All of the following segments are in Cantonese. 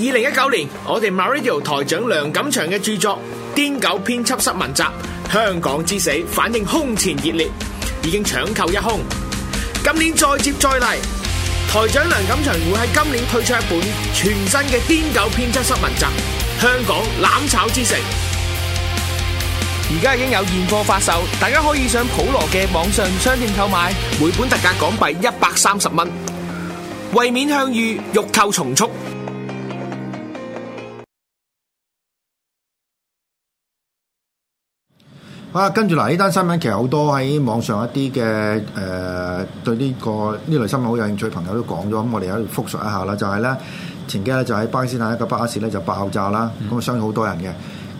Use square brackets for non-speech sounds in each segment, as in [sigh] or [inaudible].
二零一九年，我哋 MyRadio 台長梁錦祥嘅著作《癲狗編輯室文集：香港之死》反應空前熱烈，已經搶購一空。今年再接再厲，台長梁錦祥會喺今年推出一本全新嘅《癲狗編輯室文集：香港攬炒之城》。而家已經有現貨發售，大家可以上普羅嘅網上商店購買，每本特價港幣一百三十蚊。為免向隅，欲購從速。啊，跟住嗱，呢單新聞其實好多喺網上一啲嘅誒，對呢、這個呢類新聞好有興趣嘅朋友都講咗，咁、嗯、我哋喺度複述一下啦。就係、是、咧，前幾日就喺巴基斯坦一個巴士咧就爆炸啦，咁啊傷咗好多人嘅。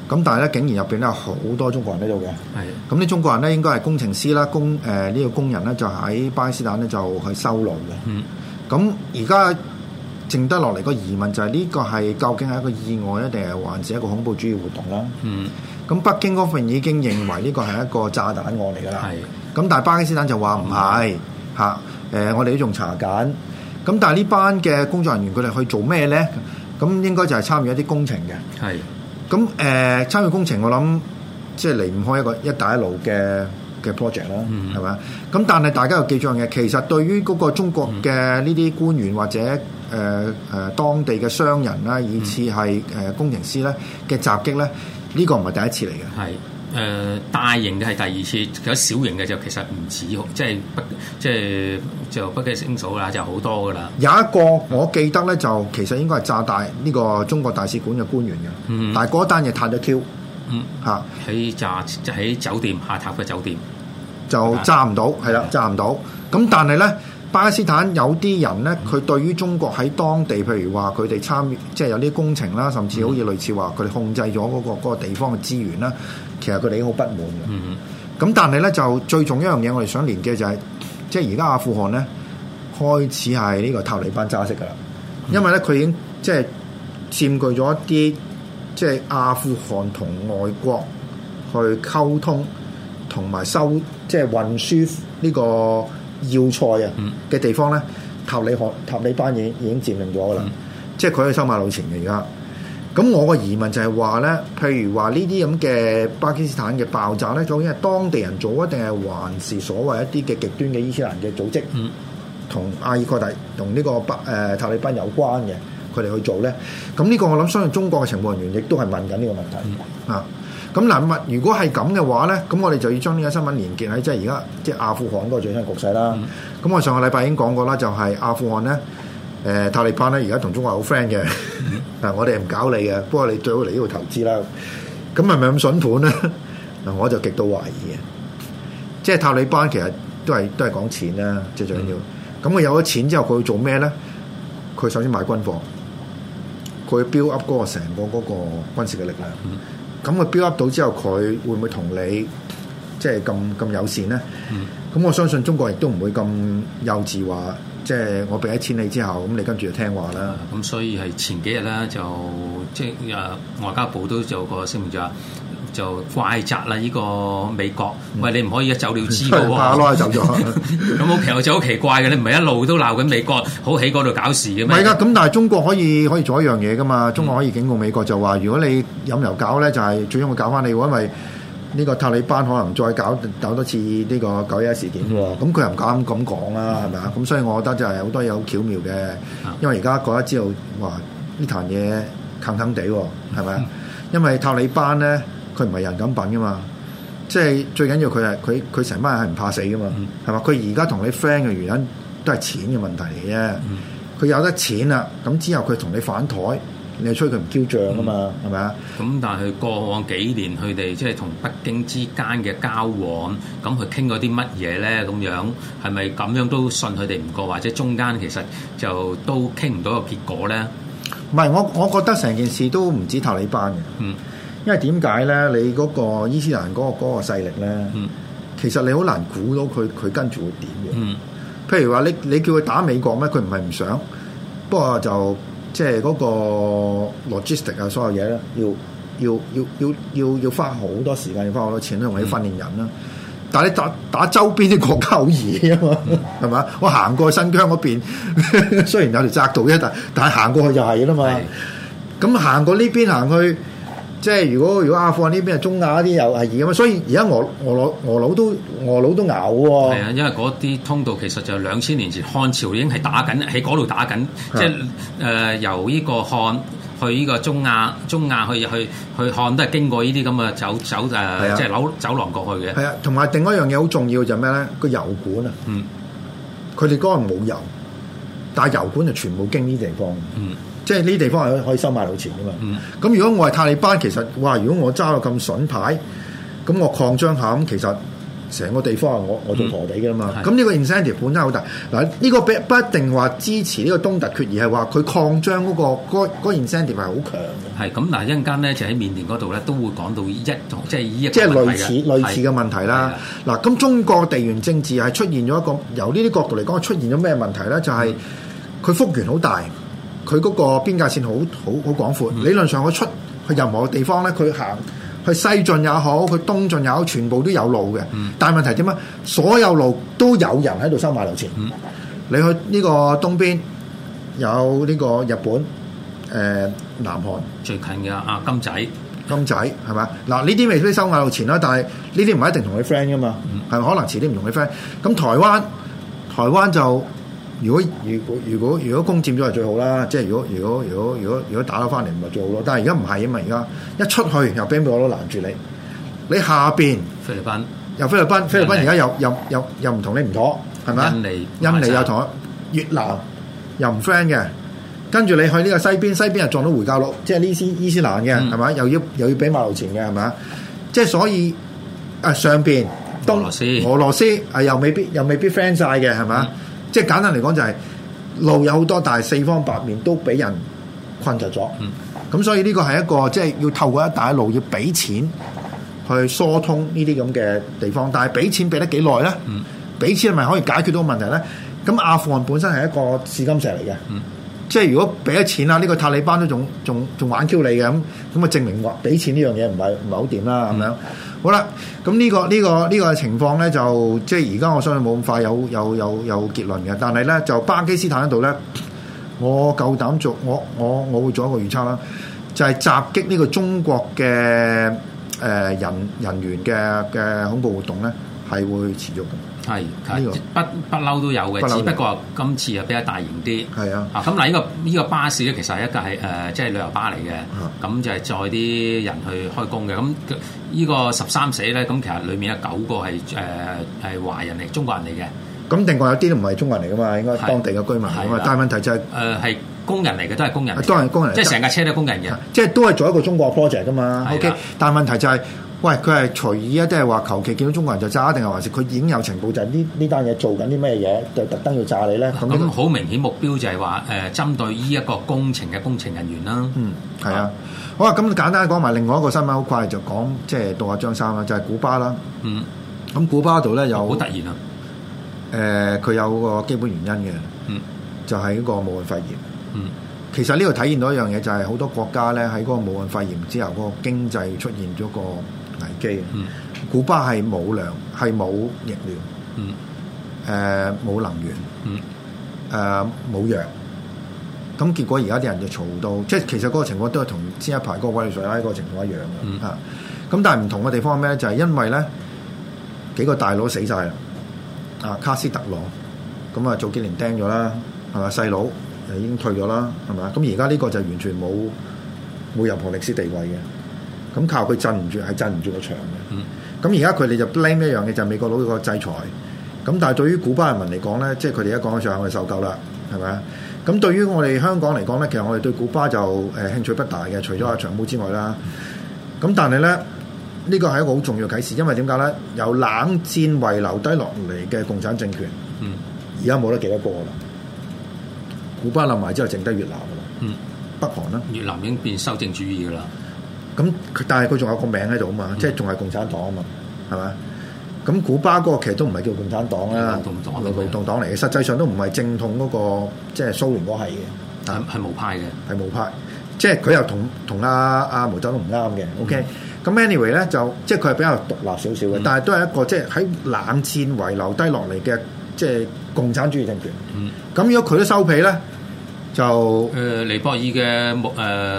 咁但係咧，竟然入邊咧有好多中國人喺度嘅。係。咁啲中國人咧應該係工程師啦，工誒呢、呃這個工人咧就喺巴基斯坦咧就去修路嘅。咁而家剩得落嚟個疑問就係、是、呢、這個係究竟係一個意外咧，定係還是一個恐怖主義活動咧？嗯。咁北京嗰份已經認為呢個係一個炸彈案嚟噶啦。咁但係巴基斯坦就話唔係，我哋都仲查緊。咁但係呢班嘅工作人員佢哋去做咩咧？咁應該就係參與一啲工程嘅。咁誒、呃、參與工程，我諗即係離唔開一個一帶一路嘅嘅 project 咯，係、嗯、咪？咁但係大家又記住嘅，其實對於嗰個中國嘅呢啲官員或者誒誒、呃、當地嘅商人啦，以至係工程師咧嘅襲擊咧。嗯嗯呢、這個唔係第一次嚟嘅，係、呃、誒大型嘅係第二次，有小型嘅就其實唔止，即係即係就不計其數啦，就好多㗎啦。有一個我記得咧，就其實應該係炸大呢、這個中國大使館嘅官員嘅、嗯，但係嗰單嘢撻咗 Q，嚇、嗯、喺炸就喺酒店下榻嘅酒店就炸唔到，係啦，炸唔到。咁但係咧。巴基斯坦有啲人咧，佢對於中國喺當地，譬如話佢哋參與，即係有啲工程啦，甚至好似類似話佢哋控制咗嗰、嗰個嗰個地方嘅資源啦，其實佢哋已經好不滿嘅。咁、嗯、但係咧，就最重要一樣嘢，我哋想連接就係、是，即係而家阿富汗咧開始係呢個塔利班揸色噶啦，因為咧佢、嗯、已經即係佔據咗一啲即係阿富汗同外國去溝通，同埋收即係運輸呢、這個。要塞啊嘅地方咧，塔里克塔利班已經已經佔領咗噶啦，即係佢去收買路錢嘅而家。咁我個疑問就係話咧，譬如話呢啲咁嘅巴基斯坦嘅爆炸咧，究竟係當地人做啊，定係還是所謂一啲嘅極端嘅伊斯蘭嘅組織同、嗯、阿爾蓋達同呢個北誒、呃、塔利班有關嘅佢哋去做咧？咁呢個我諗相信中國嘅情報人員亦都係問緊呢個問題、嗯、啊。咁嗱，如果係咁嘅話咧，咁我哋就要將呢個新聞連結喺即係而家即係阿富汗嗰個最新局勢啦。咁、嗯、我上個禮拜已經講過啦，就係、是、阿富汗咧，誒、呃、塔利班咧而家同中國好 friend 嘅嗱，嗯、 [laughs] 我哋唔搞你嘅，不過你最好嚟呢度投資啦。咁係咪咁筍盤咧？嗱， [laughs] 我就極度懷疑嘅，即係塔利班其實都係都係講錢啦，就是、最最緊要。咁、嗯、佢有咗錢之後，佢會做咩咧？佢首先買軍火，佢 build up 嗰個成個嗰個軍事嘅力量。嗯咁佢標 u p 到之後，佢會唔會同你即係咁咁友善咧？咁、嗯、我相信中國亦都唔會咁幼稚話，即、就、係、是、我俾咗錢你之後，咁你跟住就聽話啦。咁、嗯、所以係前幾日咧，就即係外交部都做個聲明，就話。就怪責啦！呢個美國，嗯、喂，你唔可以一走了之噶喎，嗯、走咗咁好奇就好奇怪嘅， [laughs] 你唔係一路都鬧緊美國，好喺嗰度搞事嘅咩？唔係啊，咁但係中國可以可以做一樣嘢噶嘛？中國可以警告美國、嗯、就話：如果你飲油搞咧，就係、是、最終會搞翻你，因為呢個塔利班可能再搞搞多次呢個九一事件。咁佢又唔敢咁講啦，係咪啊？咁所以我覺得就係好多嘢好巧妙嘅，因為而家覺得之後話呢壇嘢坑坑地，係咪啊？因為塔利班咧。佢唔係人噉品噶嘛，即係最緊要佢係佢佢成班人係唔怕死噶嘛，係、嗯、嘛？佢而家同你 friend 嘅原因都係錢嘅問題嚟啫。佢、嗯、有得錢啦，咁之後佢同你反台，你又催佢唔繳賬啊嘛，係咪啊？咁、嗯、但係過往幾年佢哋即係同北京之間嘅交往，咁佢傾過啲乜嘢咧？咁樣係咪咁樣都信佢哋唔過，或者中間其實就都傾唔到個結果咧？唔係，我我覺得成件事都唔止塔利班嘅。嗯。因為點解咧？你嗰個伊斯蘭嗰個嗰個勢力咧、嗯，其實你好難估到佢佢跟住會點嘅、嗯。譬如話你你叫佢打美國咩？佢唔係唔想，不過就即係嗰個 logistic 啊，所有嘢咧，要要要要要要花好多時間，要花好多、多錢啦，用埋啲訓練人啦、嗯。但係你打打周邊啲國家好易啊嘛，係、嗯、嘛？我行過去新疆嗰邊，雖然有條窄道啫，但但係行過去就係啦嘛。咁、嗯、行過呢邊行去。即係如果如果阿富汗呢邊係中亞嗰啲有危機，咁所以而家俄俄羅俄佬都俄佬都咬喎。係啊，因為嗰啲通道其實就兩千年前漢朝已經係打緊喺嗰度打緊，即係誒、呃、由呢個漢去呢個中亞，中亞去去去漢都係經過呢啲咁嘅走走誒，走即係樓走廊過去嘅。係啊，同埋另外一樣嘢好重要就係咩咧？個油管啊，嗯，佢哋嗰度冇油，但係油管就全部經呢地方。嗯。即係呢地方係可以收買到錢噶嘛？咁如果我係塔利班，其實哇！如果我揸到咁筍牌，咁我擴張下咁，其實成個地方係我我做河底嘅嘛。咁、嗯、呢個 incentive 本身好大嗱，呢、這個不一定話支持呢個東突厥，而係話佢擴張嗰、那個 incentive 係好強嘅。係咁嗱，一陣間咧就喺緬甸嗰度咧都會講到一，即係呢一。即、就、係、是、類似類似嘅問題啦。嗱，咁中國地緣政治係出現咗一個由呢啲角度嚟講出現咗咩問題咧？就係佢幅員好大。佢嗰個邊界線好好好廣闊、嗯，理論上佢出去，去任何地方咧，佢行去西進也好，佢東進也好，全部都有路嘅、嗯。但問題點啊？所有路都有人喺度收買路錢、嗯。你去呢個東邊有呢個日本、誒、呃、南韓最近嘅啊金仔、金仔係咪？嗱呢啲未必收買路錢啦，但係呢啲唔係一定同佢 friend 噶嘛，係、嗯、咪？可能遲啲唔同佢 friend。咁台灣，台灣就。如果如果如果如果攻佔咗係最好啦，即係如果如果如果如果如果打咗翻嚟咪最好咯。但係而家唔係咁啊！而家一出去又俾我都攔住你，你下邊菲律賓，又菲律賓，菲律賓而家又又又又唔同你唔妥，係咪印尼，印尼又同越南又唔 friend 嘅，跟住你去呢個西邊，西邊又撞到回教佬，即係呢啲伊斯蘭嘅係咪？又要又要俾買路錢嘅係咪？即係所以啊，上邊俄俄羅斯，俄羅斯，俄羅斯啊又未必又未必 friend 晒嘅係咪？是吧，嗯。即係簡單嚟講就係路有好多，但係四方八面都俾人困住咗。咁、嗯、所以呢個係一個即係要透過一帶一路要俾錢去疏通呢啲咁嘅地方。但係俾錢俾得幾耐咧？俾錢係咪可以解決到問題咧？咁阿富汗本身係一個試金石嚟嘅、嗯。即係如果俾咗錢啦，呢、呢個塔利班都仲仲仲玩 Q 你嘅咁咁啊，證明話俾錢呢、嗯、樣嘢唔係唔係好掂啦，係咪？好啦，咁呢個呢個呢個情況咧，就即係而家我相信冇咁快有有有有結論嘅。但係咧，就巴基斯坦嗰度咧，我夠膽做，我我我會做一個預測啦，就係襲擊呢個中國嘅誒人人，人員嘅嘅恐怖活動咧，係會持續。係，不不嬲、這個、都有嘅，只不過今次又比較大型啲。係啊，咁、啊、嗱，呢、這個依、這個巴士咧，其實係一架係誒，即、呃、係、就是、旅遊巴嚟嘅。咁、啊、就係載啲人去開工嘅。咁呢個十三死咧，咁其實裡面有九個係誒係華人嚟，中國人嚟嘅。咁另外有啲都唔係中國人嚟噶嘛，應該當地嘅居民的是啊嘛、啊。但係問題就係誒係工人嚟嘅，都係工人嘅。當人工人即係成架車都係工人嘅，即係、啊就是、都係做一個中國 project 噶嘛。啊、o、okay? K，但係問題就係、是。喂，佢係隨意啊？定係話求其見到中國人就炸？定係還是佢已經有情報，就係呢呢單嘢做緊啲咩嘢？就特登要炸你咧？咁好明顯目標就係話誒，針對呢一個工程嘅工程人員啦、啊。嗯，係啊，啊。好啊，咁簡單講埋另外一個新聞，好快就講即係到阿張三啦，就係、就是就是、古巴啦。嗯。咁古巴度咧又好突然啊！誒、呃，佢有個基本原因嘅。嗯。就係、是、呢個武漢肺炎。嗯。其實呢度體現到一樣嘢，就係、是、好多國家咧喺嗰個武漢肺炎之後，嗰、那個經濟出現咗個。機啊！古巴係冇糧，係冇疫苗，誒、mm. 冇、呃、能源，誒、mm. 冇、呃、藥。咁結果而家啲人就嘈到，即係其實嗰個情況都跟係同先一排個委內瑞拉嗰個情況一樣嘅嚇。咁、mm. 但係唔同嘅地方係咩咧？就係、是、因為咧幾個大佬死晒啦，啊卡斯特羅咁啊早幾年釘咗啦，係咪？細佬就已經退咗啦，係咪？咁而家呢個就完全冇冇任何歷史地位嘅。咁靠佢震唔住，係震唔住個牆嘅。咁而家佢哋就 blame 一樣嘢，就係美國佬呢個制裁。咁但係對於古巴人民嚟講咧，即係佢哋而家講緊嘅時候，受夠啦，係咪？咁對於我哋香港嚟講咧，其實我哋對古巴就誒興趣不大嘅，除咗阿長毛之外啦。咁但係咧，呢個係一個好重要嘅啟示，因為點解咧？由冷戰遺留低落嚟嘅共產政權，嗯，而家冇得幾多個啦。古巴冧埋之後，剩低越南噶啦。嗯，北韓啦，越南已經變修正主義噶啦。咁，但係佢仲有個名喺度啊嘛，即係仲係共產黨啊嘛，係咪？咁古巴嗰個其實都唔係叫共產黨啦，勞動黨，勞動黨嚟嘅，實際上都唔係正統嗰、嗰個，即係蘇聯嗰係嘅，係冇派嘅，係冇派嘅。即係佢又同同阿阿毛澤東唔啱嘅，OK。咁 anyway 咧，就即係佢係比較獨立少少嘅，但係都係一個即係喺冷戰遺留低落嚟嘅，即係共產主義政權。咁、嗯、如果佢都收皮咧？就誒、呃、尼泊爾嘅穆誒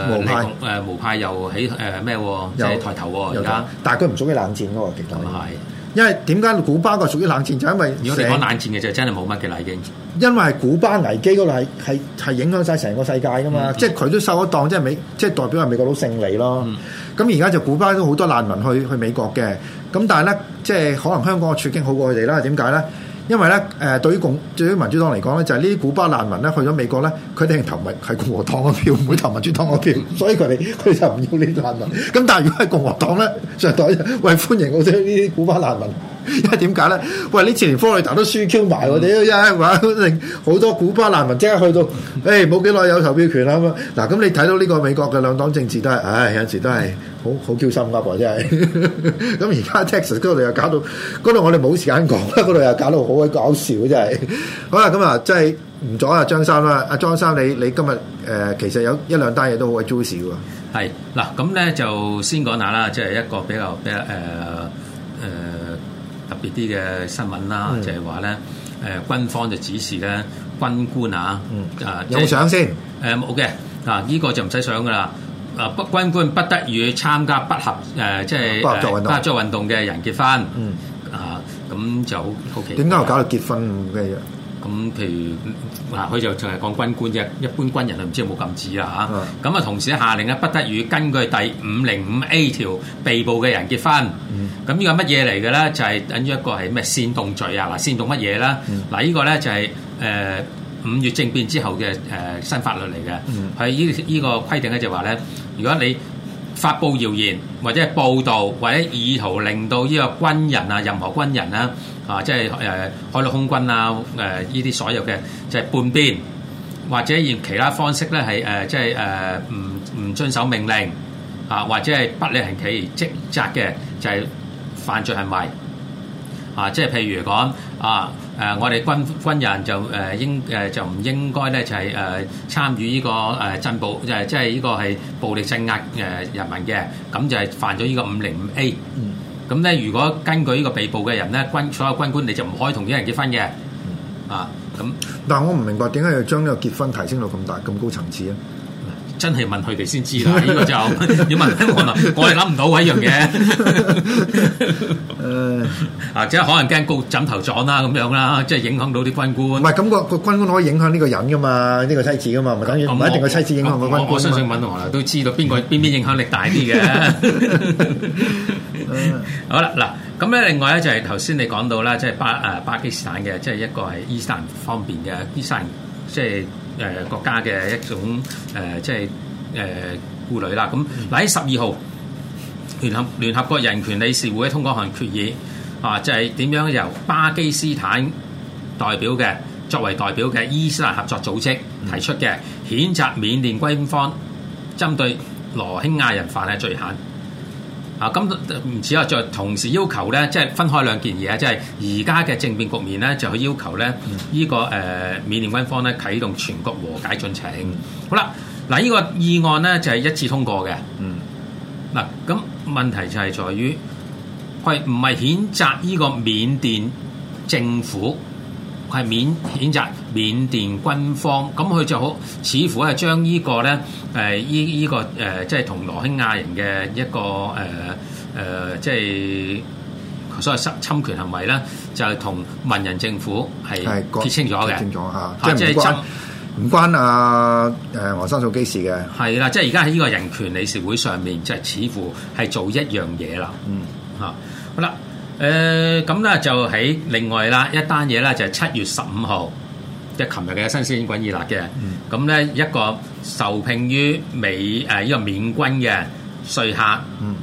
毛派誒無、呃、派又起誒咩喎？即、呃、抬頭喎！但係佢唔屬於冷戰嗰個程度，因為點解古巴係屬於冷戰？就是，因為如果你講冷戰嘅就真係冇乜嘅啦已經，因為係古巴危機嗰個係係影響晒成個世界噶嘛，嗯，即係佢都受咗當，即係美即係代表係美國佬勝利咯。咁而家就古巴都好多難民去去美國嘅，咁但係咧，即係可能香港嘅處境好過佢哋啦。點解咧？因為咧，誒對於共，對於民主黨嚟講咧，就係呢啲古巴難民咧去咗美國咧，佢哋投民係共和黨嘅票，唔會投民主黨嘅票，所以佢哋佢就唔要呢啲難民。咁但係如果係共和黨咧，上台，喂，歡迎我哋呢啲古巴難民，因為點解咧？喂呢次連科裏達都輸 Q 埋，我哋啊，哇令好多古巴難民即刻去到，誒冇幾耐有投票權啦咁嗱，咁你睇到呢個美國嘅兩黨政治都係，唉有陣時都係。好好叫心噏啊！真係咁而家 Texas 嗰度又搞到嗰度，我哋冇時間講啦。嗰度又搞到好鬼搞笑，真係好啦，咁啊，即係唔阻呀，張生啦，阿張生你你今日、呃、其實有一兩單嘢都好鬼 juicy 喎。係嗱，咁咧就先講下啦，即、就、係、是、一個比較比較誒、呃呃、特別啲嘅新聞啦，嗯，就係話咧誒軍方就指示咧軍官啊，嗯就是有呃、OK，啊有相先冇嘅呢依個就唔使相噶啦。啊、呃！軍官不得與參加不合誒、呃，即係誒合作運動嘅人結婚。嗯啊，咁就好奇。點解又搞到結婚嘅？咁、啊、譬如嗱，佢、啊、就淨係講軍官啫，一般軍人佢唔知有冇禁止啦嚇。咁、嗯、啊，同時下令咧不得與根據第五零五 A 條被捕嘅人結婚。咁、嗯啊、呢個乜嘢嚟嘅咧？就係、是、等於一個係咩煽動罪啊！嗱，煽動乜嘢啦？嗱、嗯，啊這個、呢個咧就係、是、誒。呃五月政變之後嘅誒新法律嚟嘅，佢依依個規定咧就話咧，如果你發布謠言或者報道或者意圖令到呢個軍人啊、任何軍人啦啊，即係誒海陸空軍啊誒依啲所有嘅即係叛變，或者以其他方式咧係誒即係誒唔唔遵守命令啊，或者係不履行其職責嘅就係犯罪行為啊，即係譬如講啊。誒、呃，我哋軍軍人就誒、呃、應誒、呃、就唔應該咧，就係誒參與呢、這個誒鎮、呃、暴，就係即係呢個係暴力鎮壓誒、呃、人民嘅，咁就係犯咗呢個五零五 A。咁咧，如果根據呢個被捕嘅人咧，軍所有軍官你就唔可以同啲人結婚嘅。啊，咁、嗯嗯。但係我唔明白點解要將呢個結婚提升到咁大咁高層次咧？真係問佢哋先知啦，呢 [laughs] 個就要問我，我係諗唔到一樣嘢。誒 [laughs] [laughs] 啊，即可能驚告枕頭狀啦咁樣啦，即係影響到啲軍官。唔係咁個個軍官可以影響呢個人噶嘛？呢、這個妻子噶嘛？唔係等於唔係一定個妻子影響個軍官。我相信問我啦，都知道邊個邊邊 [laughs] 影響力大啲嘅。 [laughs] [laughs] [laughs] 好啦，嗱咁咧，另外咧就係頭先你講到啦，即、就、係、是、巴誒、啊、巴基斯坦嘅，即、就、係、是、一個係伊斯蘭方面嘅伊斯蘭，即係。誒、呃、國家嘅一種誒、呃，即係誒、呃、顧慮啦。咁喺十二號聯合聯合國人權理事會通過項決議，啊，就係、是、點樣由巴基斯坦代表嘅作為代表嘅伊斯蘭合作組織提出嘅、嗯，譴責緬甸軍方針對羅興亞人犯嘅罪行。啊，咁唔只係在同時要求咧，即係分開兩件嘢，即係而家嘅政變局面咧，就去要求咧，依、嗯這個誒、呃、緬甸軍方咧啟動全國和解進程。好啦，嗱、這、呢個議案咧就係一致通過嘅。嗱、嗯，咁問題就係在於，佢唔係譴責呢個緬甸政府。係免譴責緬甸軍方，咁佢就好似乎係將呢、呃這個咧，誒、呃，依、就、依、是、個誒、呃呃，即係同羅興亞人嘅一個誒誒，即係所謂侵侵權行為咧，就係同文人政府係撇清咗嘅，清咗吓、啊啊，即係唔關唔關阿誒華生素姬事嘅，係啦，即係而家喺呢個人權理事會上面，即、就、係、是、似乎係做一樣嘢啦，嗯吓、啊，好啦。誒咁咧就喺另外啦一單嘢啦，就係七月十五號，即係琴日嘅新鮮滾熱辣嘅。咁、嗯、咧一個受聘於美誒、呃、一個緬軍嘅說客，嗯、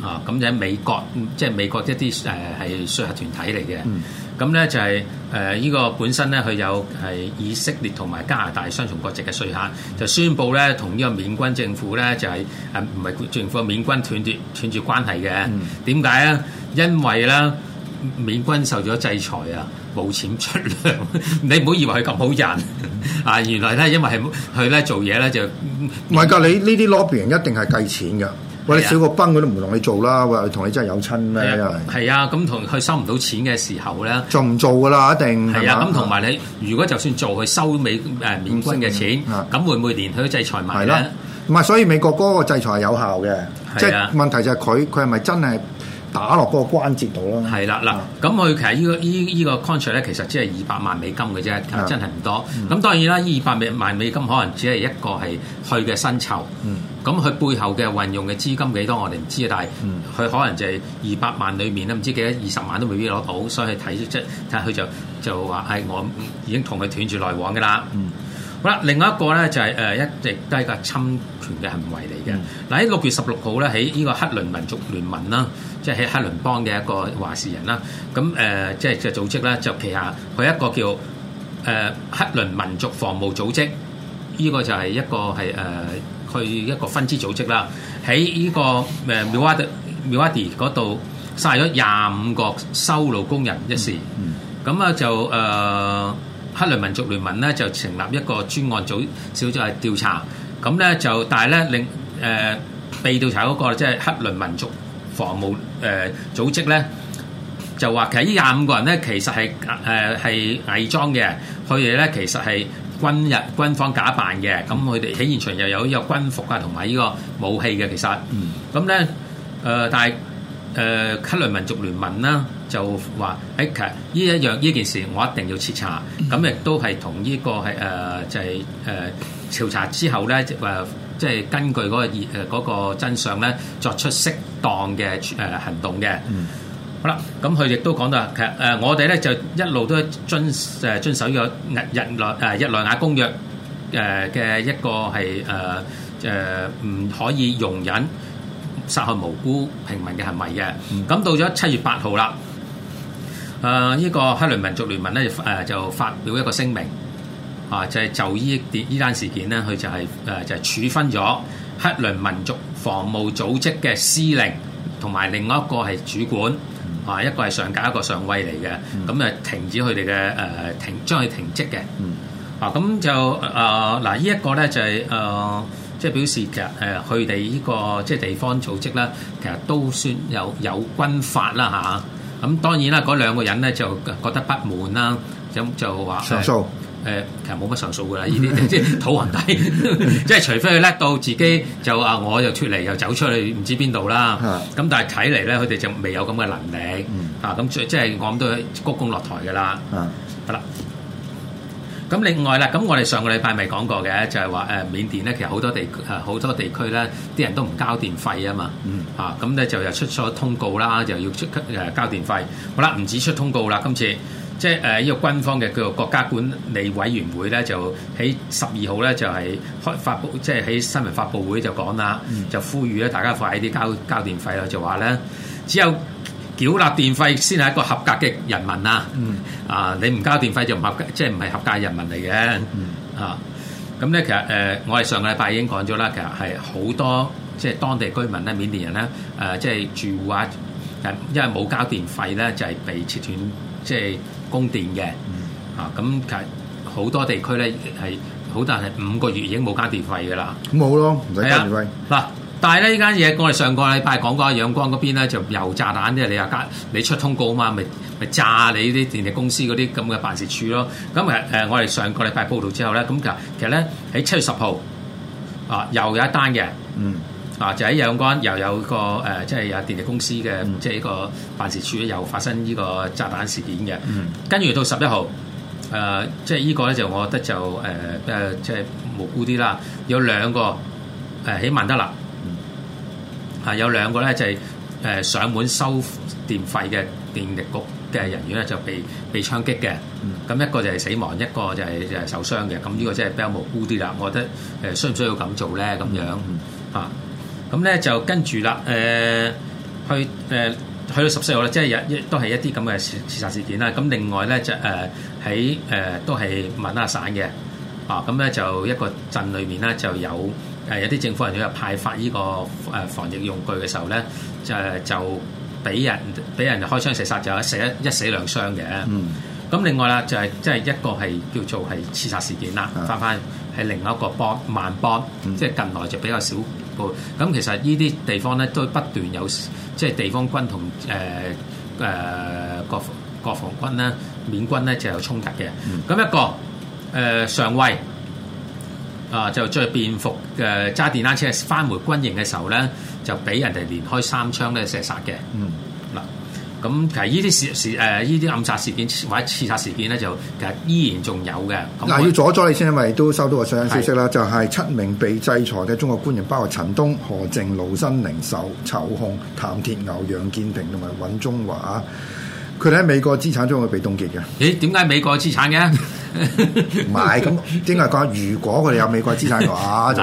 啊咁就喺美國，即、就、係、是、美國一啲誒係說客團體嚟嘅。嗯咁咧就係呢依個本身咧佢有係以色列同埋加拿大雙重國籍嘅說客，就宣布咧同呢個緬軍政府咧就係唔係政府嘅緬軍斷絕斷絕關係嘅。點解啊？因為咧緬軍受咗制裁啊，冇錢出糧、 [laughs] 嗯。你唔好以為佢咁好人啊！原來咧因為係佢咧做嘢咧就唔係㗎。你呢啲 lobby 人一定係計錢㗎。喂、啊，你少個崩佢都唔同你做啦，喂，同你真係有親咧，係啊。咁同佢收唔到錢嘅時候咧，做唔做噶啦？一定係啊。咁同埋你，如果就算做佢收美誒免軍嘅錢，咁會唔會連佢都制裁埋咧？唔係、啊，所以美國嗰個制裁係有效嘅、啊，即係問題就係佢佢係咪真係？打落嗰個關節度咯，係啦嗱，咁佢其實呢、呢個依依個 contract 咧，其實只係二百萬美金嘅啫，其實真係唔多。咁當然啦，依二百萬美金可能只係一個係佢嘅薪酬。咁、嗯、佢背後嘅運用嘅資金幾多，我哋唔知啊。但係佢可能就係二百萬裏面都唔知幾多，二十萬都未必攞到，所以佢睇即係佢就就話係、哎、我已經同佢斷住來往噶啦。嗯。好啦，另外一個咧就係、是、誒、呃、一直都係個侵權嘅行為嚟嘅。嗱，喺六月十六號咧，喺呢個克倫民族聯盟啦，即係喺克倫邦嘅一個話事人啦。咁誒即係即係組織啦，就旗下佢一個叫誒、呃、克倫民族防務組織，呢、這個就係一個係誒佢一個分支組織啦。喺呢、這個誒妙瓦迪妙瓦迪嗰度殺咗廿五個修路工人一事，咁、嗯、啊就誒。呃克倫民族聯盟咧就成立一個專案組小組嚟調查，咁咧就但係咧令誒被調查嗰個即係克倫民族防務誒組織咧，就話其實呢廿五個人咧其實係誒係偽裝嘅，佢哋咧其實係軍日軍方假扮嘅，咁佢哋喺現場又有呢個軍服啊同埋呢個武器嘅，其實，咁咧誒但係誒克倫民族聯盟啦。就話誒其實呢一樣呢件事，我一定要徹查。咁亦都係同呢個係誒就係誒調查之後咧，即係誒即係根據嗰個誒嗰個真相咧，作出適當嘅誒行動嘅。嗯。好啦，咁佢亦都講到，其實誒我哋咧就一路都遵誒遵守呢個日日內誒日內瓦公約誒嘅一個係誒誒唔可以容忍殺害無辜平民嘅行為嘅。嗯。咁到咗七月八號啦。誒、呃、呢、這個克倫民族聯盟咧誒、呃、就發表一個聲明啊，就係、是、就呢啲呢單事件咧，佢就係、是、誒、啊、就是、處分咗克倫民族防務組織嘅司令同埋另外一個係主管啊，一個係上階一個上位嚟嘅，咁、嗯、啊停止佢哋嘅誒停將佢停職嘅、嗯、啊，咁就啊嗱呢一個咧就係誒即係表示嘅誒，佢哋呢個即係、就是、地方組織啦，其實都算有有軍法啦嚇。啊。咁當然啦，嗰兩個人咧就覺得不滿啦，咁就話上訴、呃。其實冇乜上訴㗎啦，呢啲即係土皇帝， [laughs] [laughs] 即係除非佢叻到自己就我又出嚟又走出去唔知邊度啦。咁但係睇嚟咧，佢哋就未有咁嘅能力。咁、嗯啊、即係我諗都係鞠躬落台㗎啦。啦。咁另外啦，咁我哋上個禮拜咪講過嘅，就係話誒，緬甸咧其實好多地誒好多地區咧，啲人都唔交電費啊嘛，咁、嗯、咧、吓、就又出咗通告啦，就要出、呃、交電費。好啦，唔止出通告啦，今次即係呢依個軍方嘅叫做國家管理委員會咧，就喺十二號咧就係開發布，即係喺新聞發佈會就講啦、嗯，就呼籲咧大家快啲交交電費啦，就話咧只有繳納電費先係一個合格嘅人民啊！嗯啊，你唔交電費就唔合格，即係唔係合格嘅人民嚟嘅。嗯啊，咁咧其實誒，我哋上個禮拜已經講咗啦。其實係好、呃、多即係當地居民咧、緬甸人咧誒、呃，即係住戶啊，因為冇交電費咧，就係、是、被切斷即係、就是、供電嘅、嗯。啊，咁其實好多地區咧係好多人係五個月已經冇交電費㗎啦。咁冇咯，唔使交電費。嗱但係咧，依間嘢我哋上個禮拜講過陽邊，陽光嗰邊咧就又炸彈，即係你你出通告啊嘛，咪咪炸你啲電力公司嗰啲咁嘅辦事處咯。咁我哋上個禮拜報道之後咧，咁其實呢，咧喺七月十號啊，又有一單嘅，嗯啊，就喺陽光，又有一個即係、呃就是、有電力公司嘅，即、嗯、係、就是、一個辦事處，又發生呢個炸彈事件嘅、嗯。跟住到十一號，誒、呃，即、就、係、是、呢個咧就，我覺得就即係、呃就是呃就是、無辜啲啦。有兩個起喺曼德勒。啊，有兩個咧就係誒上門收電費嘅電力局嘅人員咧就被被槍擊嘅，咁一個就係死亡，一個就係就係受傷嘅。咁呢個真係比較無辜啲啦。我覺得誒需唔需要咁做咧？咁樣嚇咁咧就跟住啦誒去誒、呃、去到十四號啦，即係有都係一啲咁嘅刺殺事件啦。咁另外咧就誒喺誒都係民啊省嘅啊，咁咧就一個鎮裏面咧就有。誒有啲政府人員派發呢個誒防疫用具嘅時候咧，就就俾人俾人開槍射殺，就一死一死兩傷嘅。咁、嗯、另外啦，就係即係一個係叫做係刺殺事件啦。翻翻係另一個博萬博，即係、嗯就是、近來就比較少。咁其實呢啲地方咧都不斷有即係、就是、地方軍同誒誒國國防軍咧、緬軍咧就有衝突嘅。咁、嗯、一個誒、呃、上尉。啊！就著便服誒揸電單車翻回軍營嘅時候咧，就俾人哋連開三槍咧射殺嘅。嗯，嗱、嗯，咁其實呢啲事事啲、呃、呢啲暗殺事件或者刺殺事件咧，就其實依然仲有嘅。嗱，要阻咗你先，因為都收到一個最新消息啦，就係、是、七名被制裁嘅中國官員，包括陳東、何靖、盧新寧、首、仇鴻、譚鐵牛、楊建平同埋尹中華，佢哋喺美國資產將會被凍結嘅。咦？點解美國資產嘅？ [laughs] 唔 [laughs] 係，咁點解講？如果佢哋有美國資產嘅話，就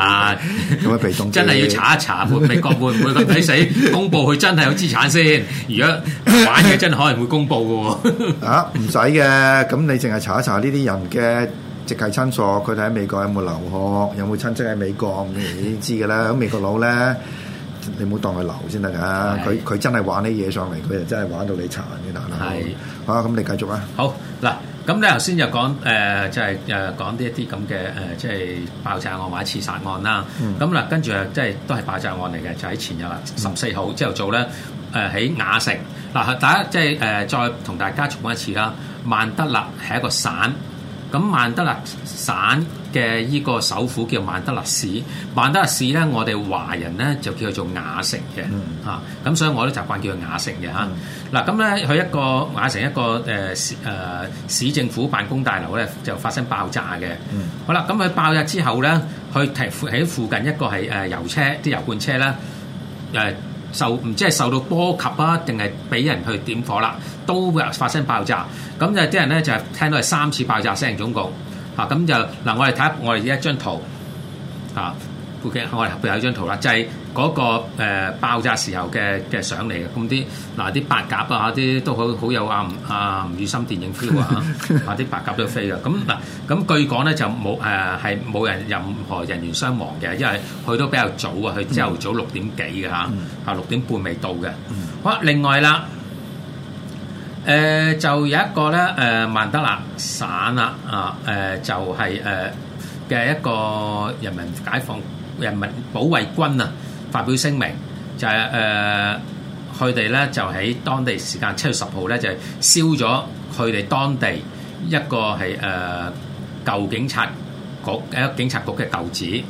同佢避真係要查一查，會美國會唔會咁抵死？ [laughs] 公布佢真係有資產先。如果玩嘅真係可能會公布嘅。 [laughs] 啊，唔使嘅，咁你淨係查一查呢啲人嘅直系親屬，佢哋喺美國有冇留學，有冇親戚喺美國，你知嘅啦。咁美國佬咧，你唔好當佢流先得噶。佢佢真係玩啲嘢上嚟，佢就真係玩到你殘嘅難度。係，咁你繼續啊。好嗱。.咁你頭先就講誒，就係誒講啲一啲咁嘅誒，即係爆炸案或者刺殺案啦。咁、嗯、嗱，跟住啊，即係都係爆炸案嚟嘅，就喺前日十四號朝頭早咧，誒喺、嗯呃、雅城。嗱，大家即係、就是呃、再同大家重一次啦。曼德勒係一個省，咁曼德勒省嘅依個首府叫曼德勒市。曼德勒市咧，我哋華人咧就叫做雅城嘅嚇。咁、嗯啊、所以我都習慣叫做雅城嘅嚇。嗱咁咧，佢一個瓦城一個誒市誒市政府辦公大樓咧，就發生爆炸嘅。好啦，咁佢爆炸之後咧，佢提喺附近一個係誒油車啲油罐車咧誒、呃、受唔知係受到波及啊，定係俾人去點火啦，都會發生爆炸。咁就啲人咧就係聽到係三次爆炸聲總共嚇，咁就嗱、啊，我哋睇下我哋呢一張圖嚇。啊 OK，我哋入邊有張圖啦，就係嗰個誒爆炸時候嘅嘅相嚟嘅。咁啲嗱啲白鴿啊，啲都好好有啊啊，吳宇森電影 feel 啊，嚇！啊啲白鴿都飛嘅。咁嗱，咁據講咧就冇誒，係冇人任何人員傷亡嘅，因為佢都比較早啊，佢朝頭早六點幾嘅嚇，啊六點半未到嘅。好，另外啦，誒就有一個咧，誒曼德勒省啊，啊誒就係誒嘅一個人民解放，人民保衛軍啊，發表聲明就係、是、誒，佢哋咧就喺當地時間七月十號咧就燒咗佢哋當地一個係、呃、舊警察局，一個警察局嘅舊址。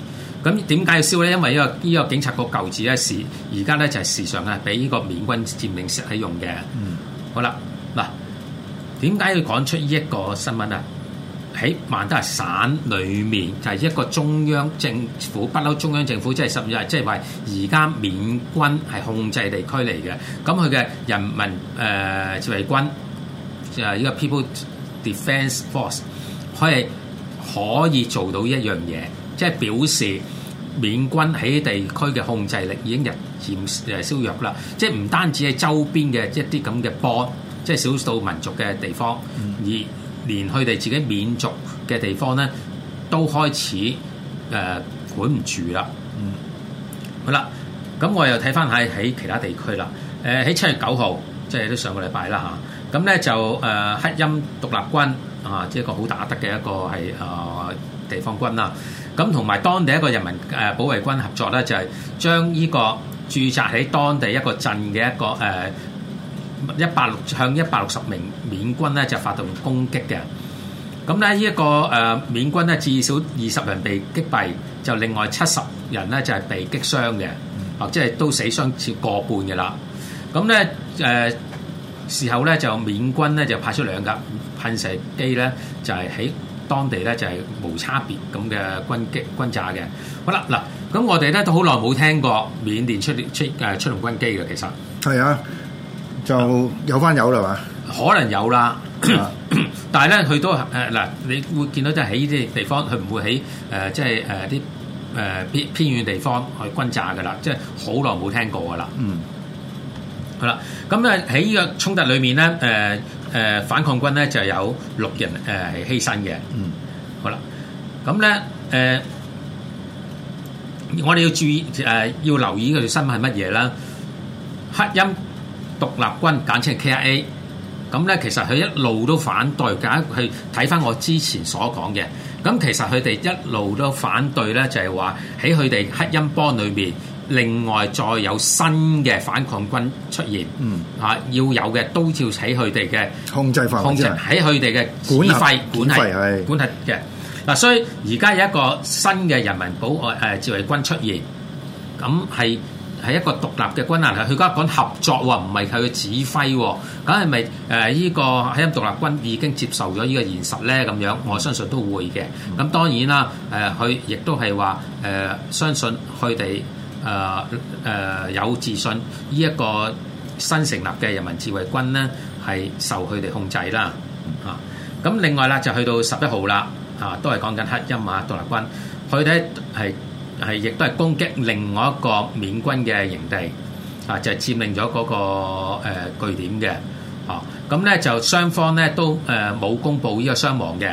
咁點解要燒咧？因為呢、這個這個呢個呢個警察局舊址咧是而家咧就係時常啊俾呢個緬軍佔領使用嘅。嗯好，好啦，嗱，點解要講出呢一個新聞啊？喺曼德省裏面就係一個中央政府，不嬲中央政府，即係十二日，即係話而家緬軍係控制地區嚟嘅。咁佢嘅人民誒自衛軍就係呢個 people defence force，佢係可以做到一樣嘢，即係表示緬軍喺地區嘅控制力已經日漸誒削弱啦。即係唔單止係周邊嘅一啲咁嘅邦，即係少數民族嘅地方，而連佢哋自己緬族嘅地方咧，都開始誒、呃、管唔住啦。嗯，好啦，咁我又睇翻喺喺其他地區啦。誒喺七月九號，即係都上個禮拜啦嚇。咁、啊、咧就誒克欽獨立軍啊，即、就、係、是、一個好打得嘅一個係誒、呃、地方軍啦。咁同埋當地一個人民誒保衛軍合作咧，就係、是、將呢個駐紮喺當地一個鎮嘅一個誒。呃一百六向一百六十名緬軍咧就發動攻擊嘅，咁咧依一個誒緬軍咧至少二十人被擊斃，就另外七十人咧就係被擊傷嘅，哦，即係都死傷超過半嘅啦。咁咧誒時候咧就緬軍咧就派出兩架噴射機咧就係喺當地咧就係無差別咁嘅軍擊轟炸嘅。好啦嗱，咁我哋咧都好耐冇聽過緬甸出出誒出龍軍機嘅其實係啊。就有翻有啦嘛，可能有啦， [coughs] [coughs] 但係咧佢都誒嗱、啊，你會見到即係喺呢啲地方，佢唔會喺誒即係誒啲誒偏偏遠嘅地方去轟炸噶啦，即係好耐冇聽過噶啦、嗯。嗯，好啦，咁咧喺呢個衝突裏面咧，誒、呃、誒、呃、反抗軍咧就有六人誒係、呃、犧牲嘅。嗯，好啦，咁咧誒，我哋要注意誒、呃，要留意佢哋新聞係乜嘢啦，黑音。獨立軍簡稱 KIA，咁咧其實佢一路都反對嘅。去睇翻我之前所講嘅，咁其實佢哋一路都反對咧，就係話喺佢哋黑音波裏面，另外再有新嘅反抗軍出現，嗯，嚇要有嘅都要喺佢哋嘅控制範圍之內，喺佢哋嘅管費管係管轄嘅。嗱，所以而家有一個新嘅人民保愛誒自衛軍出現，咁係。係一個獨立嘅軍人，佢而家講合作喎，唔係靠佢指揮喎，咁係咪誒依個克欽獨立軍已經接受咗依個現實咧？咁樣，我相信都會嘅。咁當然啦，誒佢亦都係話誒相信佢哋誒誒有自信。依一個新成立嘅人民自衛軍咧，係受佢哋控制啦。嚇！咁另外啦，就去到十一號啦，嚇都係講緊克欽獨立軍，佢哋係。係，亦都係攻擊另外一個緬軍嘅營地，啊，就係佔領咗嗰個誒據點嘅，哦，咁咧就雙方咧都誒冇公布呢個傷亡嘅，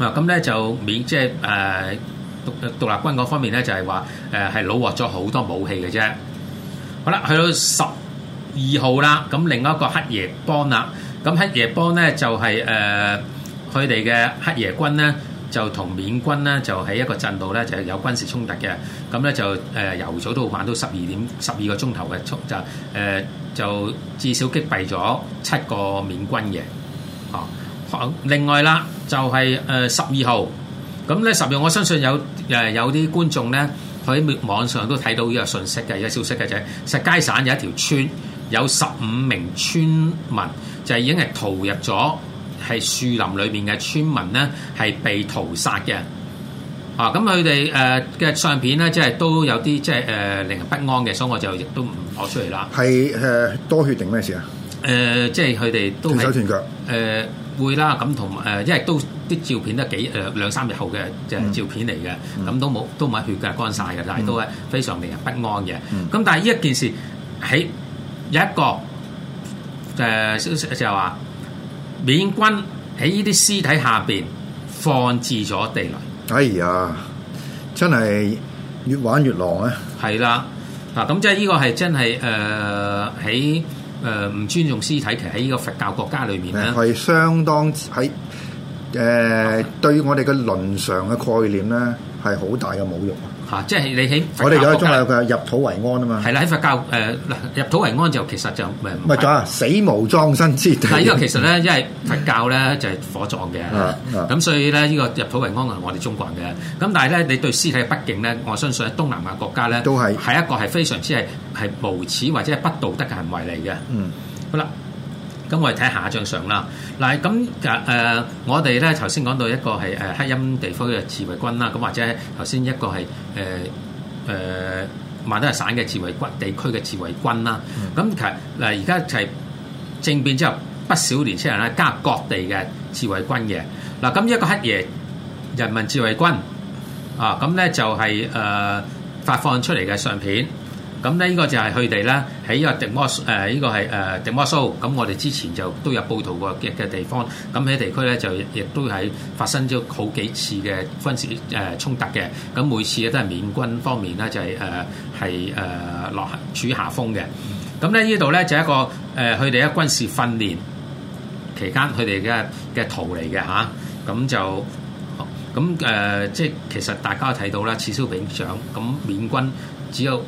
嗱，咁咧就緬即係誒獨立軍嗰方面咧就係話誒係擄獲咗好多武器嘅啫。好啦，去到十二號啦，咁另外一個黑夜幫啦，咁黑夜幫咧就係誒佢哋嘅黑夜軍咧。就同緬軍咧就喺一個陣度咧就有軍事衝突嘅，咁咧就由早到晚都十二點十二個鐘頭嘅衝就誒就至少擊斃咗七個緬軍嘅。另外啦就係十二號，咁咧十二號我相信有誒有啲觀眾咧喺網上都睇到呢個信息嘅呢個消息嘅，就係實皆省有一條村有十五名村民就已經係逃入咗。係樹林裏面嘅村民咧，係被屠殺嘅。啊，咁佢哋誒嘅相片咧，即係都有啲即係誒令人不安嘅，所以我就亦都唔攞出嚟啦。係誒、呃、多血定咩事啊？誒、呃，即係佢哋都斷手斷腳誒、呃、會啦。咁同誒，因為都啲照片都幾誒、呃、兩三日後嘅誒照片嚟嘅，咁、嗯嗯、都冇都冇血嘅乾晒嘅，但係都係非常令人不安嘅。咁、嗯嗯、但係呢一件事喺有一個誒消息就話。就緬軍喺呢啲屍體下邊放置咗地雷。哎呀，真係越玩越狼啊！係啦，嗱咁即係呢個係真係誒喺誒唔尊重屍體，其實喺呢個佛教國家裏面咧，係相當喺誒、呃、對於我哋嘅倫常嘅概念咧。係好大嘅侮辱啊！嚇，即係你喺我哋喺中國有入土為安啊嘛！係啦，喺佛教誒、呃、入土為安就其實就唔係咗啊死無葬身之地。嗱、啊，依個其實咧，因為佛教咧 [laughs] 就係火葬嘅，咁、啊啊、所以咧呢、呢個入土為安係我哋中國人嘅。咁但係咧，你對屍體不敬咧，我相信喺東南亞國家咧都係係一個係非常之係係無恥或者係不道德嘅行為嚟嘅、嗯。嗯，好啦。咁我哋睇下張相啦，嗱咁誒，我哋咧頭先講到一個係誒黑陰地方嘅自衛軍啦，咁或者頭先一個係誒誒萬達省嘅自衛軍地區嘅自衛軍啦，咁其實嗱而家就係政變之後，不少年輕人咧加入各地嘅自衛軍嘅，嗱咁一個黑夜人民自衛軍啊，咁咧就係、是、誒、呃、發放出嚟嘅相片。咁呢依個就係佢哋啦，喺呢個迪摩蘇，誒依個係迪摩蘇。咁我哋之前就都有報道過嘅嘅地方。咁喺地區咧，就亦都係發生咗好幾次嘅軍事誒衝突嘅。咁每次咧都係緬軍方面咧就係誒係誒落處下風嘅。咁咧依度咧就係一個誒佢哋嘅軍事訓練期間佢哋嘅嘅圖嚟嘅嚇。咁就咁誒、呃，即係其實大家都睇到啦，此消彼長。咁緬軍只有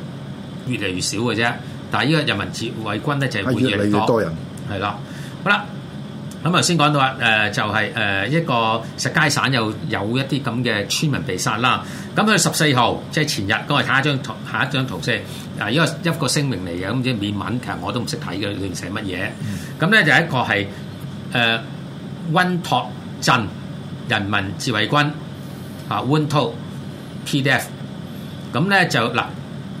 越嚟越少嘅啫，但係依個人民自衛軍咧就係越嚟越，越多人，係啦，好啦，咁頭先講到啊，誒、呃、就係誒一個石階省又有一啲咁嘅村民被殺啦，咁喺十四號即係前日，我哋睇下張圖，下一張圖先，啊、呃，依個一個聲明嚟嘅，咁即係緬文，其實我都唔識睇嘅，佢寫乜嘢，咁、嗯、咧、嗯、就一個係誒溫托鎮人民自衛軍啊溫托 PDF，咁、嗯、咧就嗱。呃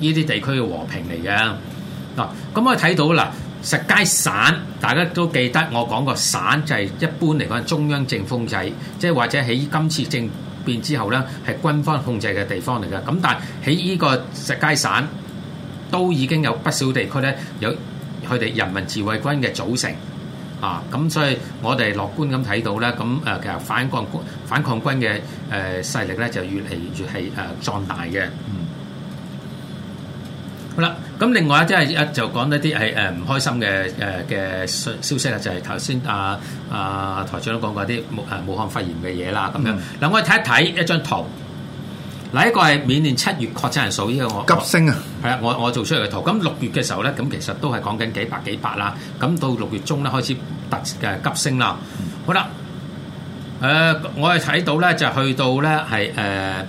呢啲地區嘅和平嚟嘅嗱，咁我睇到啦，石階省大家都記得我講過，省就係一般嚟講中央政風制，即係或者喺今次政變之後呢，係軍方控制嘅地方嚟嘅。咁但喺呢個石階省都已經有不少地區呢，有佢哋人民自衛軍嘅組成啊，咁所以我哋樂觀咁睇到呢，咁其實反，反抗軍反抗軍嘅誒勢力呢，就越嚟越係誒壯大嘅。嗯。好啦，咁另外，就是，就一啲係一就講一啲係誒唔開心嘅誒嘅訊消息啦，就係頭先啊啊台長都講過啲武誒、啊、武漢肺炎嘅嘢啦，咁樣嗱，嗯，我哋睇一睇一張圖，嗱，一個係每年七月確診人數呢，呢個我急升啊，係啊，我我做出嚟嘅圖，咁六月嘅時候咧，咁其實都係講緊幾百幾百啦，咁到六月中咧開始突嘅急升啦，好啦，誒，呃，我哋睇到咧就去到咧係誒。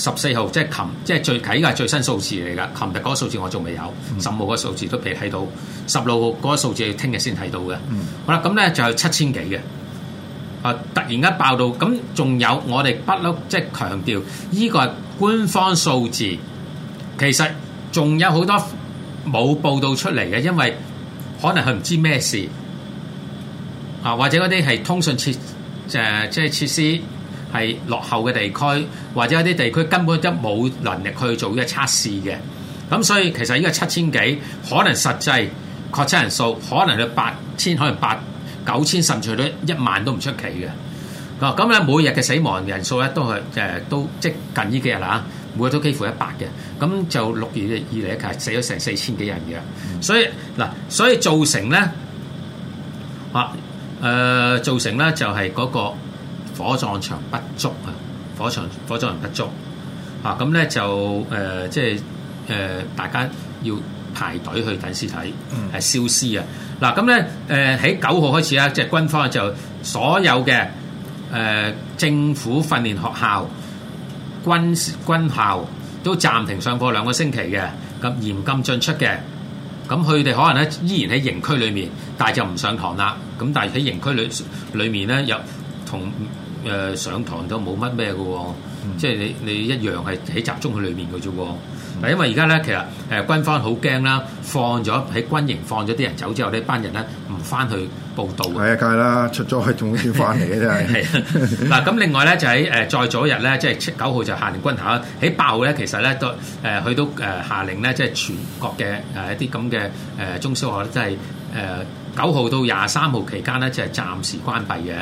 十四號即係琴，即係最睇嘅最新數字嚟噶。琴日嗰個數字我仲未有，十五號嗰個數字都未睇到。十六號嗰個數字要聽日先睇到嘅。嗯、好啦，咁咧就係七千幾嘅。啊，突然間爆到，咁仲有我哋不嬲，即係強調，依、呢個係官方數字。其實仲有好多冇報道出嚟嘅，因為可能係唔知咩事啊，或者嗰啲係通訊設誒、啊，即係設施。係落後嘅地區，或者一啲地區根本都冇能力去做呢個測試嘅。咁所以其實呢個七千幾，可能實際確診人數可能係八千，可能八九千，甚至到一萬都唔出奇嘅。嗱，咁咧每日嘅死亡人數咧都係誒都即近呢幾日啦，每日都幾乎一百嘅。咁就六月以嚟咧，就死咗成四千幾人嘅。所以嗱，所以造成咧，啊、呃、誒造成咧就係嗰個。火葬場不足，不足啊，火場火葬場不足啊，咁咧就誒，即係誒、呃，大家要排隊去睇屍體，係燒屍啊。嗱，咁咧誒，喺九號開始啦，即係軍方就所有嘅誒、呃、政府訓練學校、軍軍校都暫停上課兩個星期嘅，咁嚴禁進出嘅。咁佢哋可能咧依然喺營區裏面，但係就唔上堂啦。咁但係喺營區裏裏面咧，又同誒、呃、上堂都冇乜咩嘅喎，即係你你一樣係喺集中喺裏面嘅啫喎。嗱、嗯，因為而家咧其實誒、呃、軍方好驚啦，放咗喺軍營放咗啲人走之後呢班人咧唔翻去報到。係 [laughs] [laughs] 啊，梗係啦，出咗去仲要翻嚟嘅真係。嗱，咁另外咧就喺誒再左日咧，即係九號就下令關下。喺八號咧，其實咧都誒去到誒下令咧，即係全國嘅誒一啲咁嘅誒中小學咧，即係誒九號到廿三號期間咧，即係暫時關閉嘅。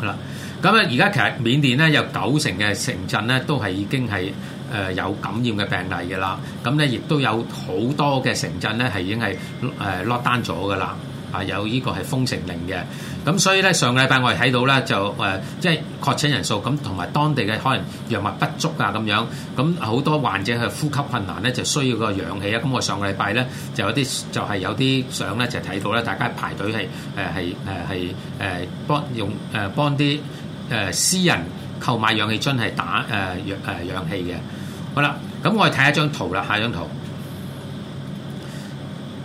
嗯，啦、啊。咁啊，而家其實緬甸咧有九成嘅城鎮咧都係已經係誒有感染嘅病例嘅啦。咁咧亦都有好多嘅城鎮咧係已經係誒 lockdown 咗嘅啦。啊，有呢個係封城令嘅。咁所以咧上個禮拜我哋睇到咧就誒即係確診人數咁，同埋當地嘅可能藥物不足啊咁樣。咁好多患者係呼吸困難咧就需要個氧氣啊。咁我上個禮拜咧就有啲就係、係、有啲相咧就睇到咧大家排隊係誒係誒係誒幫用誒幫啲。誒私人購買氧氣樽係打氧誒、呃呃、氧氣嘅，好啦，咁我哋睇一張圖啦，下張圖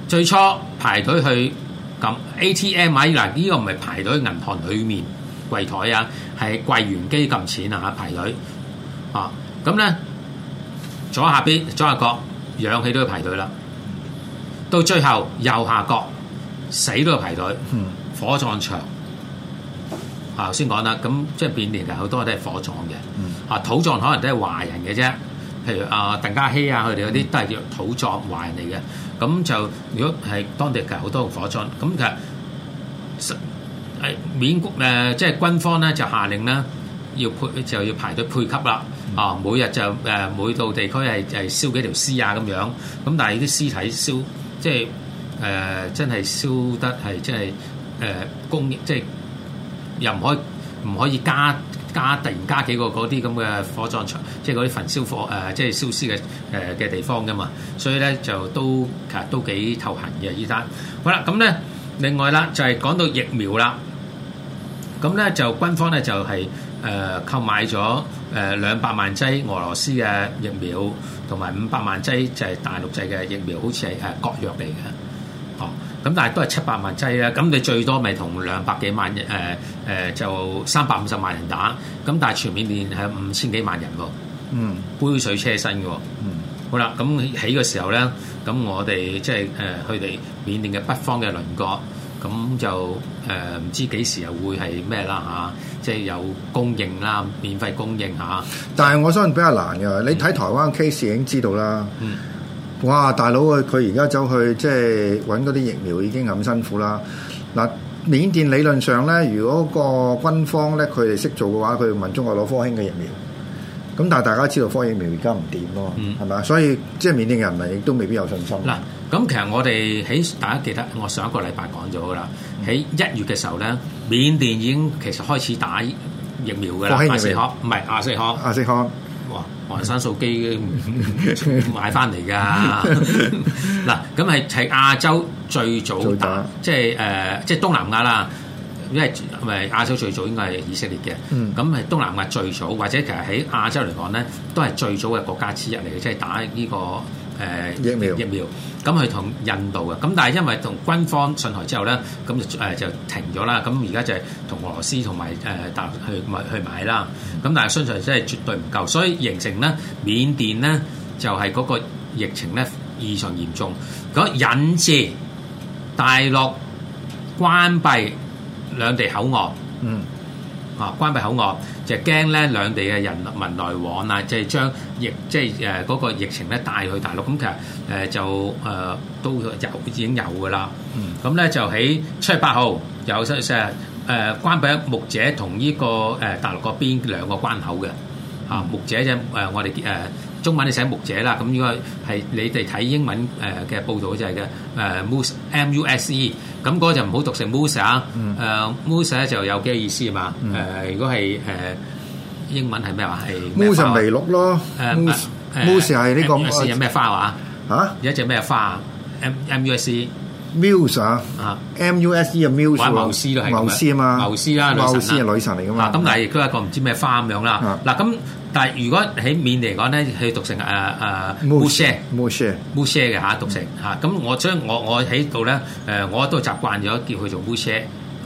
最初排隊去撳 ATM 買、啊、嗱，呢、呢個唔係排隊銀行裏面櫃台啊，係櫃員機撳錢啊排隊啊，咁、啊、咧左下邊左下角氧氣都要排隊啦，到最後右下角死都要排隊、嗯，火葬場。啊！先講啦，咁即係緬甸嘅好多都係火葬嘅，嗯、啊土葬可能都係華人嘅啫。譬如啊，鄧家希啊，佢哋嗰啲都係叫土葬、嗯、華人嚟嘅。咁就如果係當地嘅好多用火葬，咁其實，誒緬國即係軍方咧就下令咧，要配就要排隊配給啦。啊，每日就誒、呃、每到地區係係燒幾條屍啊咁樣。咁但係啲屍體燒，即係誒、呃、真係燒得係即係誒、呃、公，即係。又唔可以唔可以加加突然加幾個嗰啲咁嘅火葬場，即係嗰啲焚燒火誒，即係燒屍嘅誒嘅地方噶嘛？所以咧就都其實都幾頭痕嘅依單。好啦，咁咧另外啦就係講到疫苗啦，咁咧就軍方咧就係誒購買咗誒兩百萬劑俄羅斯嘅疫苗，同埋五百萬劑就係大陸製嘅疫苗，好似係誒國藥嚟嘅。咁但係都係七百萬劑啦，咁你最多咪同兩百幾萬人誒就三百五十萬人打，咁但係全面面係五千幾萬人喎，嗯，杯水車薪嘅喎，嗯，好啦，咁起嘅時候咧，咁我哋即係誒佢哋緬甸嘅北方嘅鄰國，咁就誒呃、唔知幾時又會係咩啦嚇，即係、啊、就是、有供應啦，免費供應嚇、啊。但係我相信比較難嘅、嗯，你睇台灣 case 已經知道啦。嗯。哇！大佬啊，佢而家走去即係揾嗰啲疫苗已經咁辛苦啦。嗱，緬甸理論上咧，如果個軍方咧佢哋識做嘅話，佢問中國攞科興嘅疫苗。咁但係大家知道科興疫苗而家唔掂咯，係咪啊？所以即係緬甸人民亦都未必有信心，嗯。嗱，咁其實我哋喺大家記得，我上一個禮拜講咗㗎啦。喺一月嘅時候咧，緬甸已經其實開始打疫苗㗎啦。科興疫苗，唔係阿四康，阿四康。啊哇！黃山素機、嗯嗯、買翻嚟㗎嗱，咁係係亞洲最早打，即係誒，即係東南亞啦，因為咪亞洲最早應該係以色列嘅，咁、嗯、係東南亞最早，或者其實喺亞洲嚟講咧，都係最早嘅國家之一嚟嘅，即係打呢個。誒，疫苗疫苗，咁佢同印度啊，咁但係因為同軍方信台之後咧，咁就誒就停咗啦。咁而家就係同俄羅斯同埋誒大陸去買去買啦。咁但係相信真係絕對唔夠，所以形成咧，緬甸咧就係嗰個疫情咧異常嚴重，咁引致大陸關閉兩地口岸。嗯。啊！關閉口岸就係驚咧，兩地嘅人民來往啊，即係將疫即、就是、個疫情咧帶去大陸。咁其實就、呃、都有已經有嘅啦。咁、嗯、咧就喺七月八號有七日誒關閉木者同呢、這個、呃、大陸個邊兩個關口嘅啊木者即、呃、我哋中文你寫木者啦，咁應該係你哋睇英文誒嘅報道就係嘅誒 Muse M U S E，咁嗰個就唔好讀成 Muse 啊，誒 Muse 咧就有幾個意思啊嘛，誒如果係誒英文係咩話係？Muse 是梅露咯，Muse Muse 係呢個 Muse 係咩花話？啊，一隻咩花？M M U S E，Muse 啊，M U S E 啊 Muse，玩繆斯咯，繆斯啊嘛，繆斯啊，繆斯係女神嚟㗎嘛，嗱咁但係亦都係一個唔知咩花咁樣啦，嗱咁。但係如果喺緬嚟講咧，佢讀成誒誒烏蛇烏蛇烏蛇嘅嚇，讀成嚇。咁、啊、我將我我喺度咧誒，我都習慣咗叫佢做烏蛇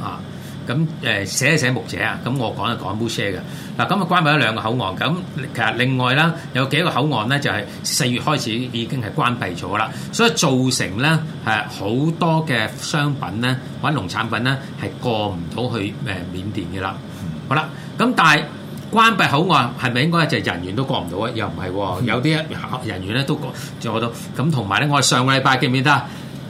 啊。咁誒、呃、寫一寫木者啊，咁我講就講烏蛇嘅嗱。咁啊關閉咗兩個口岸，咁、啊、其實另外啦，有幾個口岸咧就係、是、四月開始已經係關閉咗啦，所以造成咧誒好多嘅商品咧，或者農產品咧係過唔到去誒、呃、緬甸嘅啦。好啦，咁、啊、但係。關閉口岸係咪應該就人員都過唔到啊？又唔係喎，有啲人員咧都過咗到。咁同埋咧，我上個禮拜記唔記得，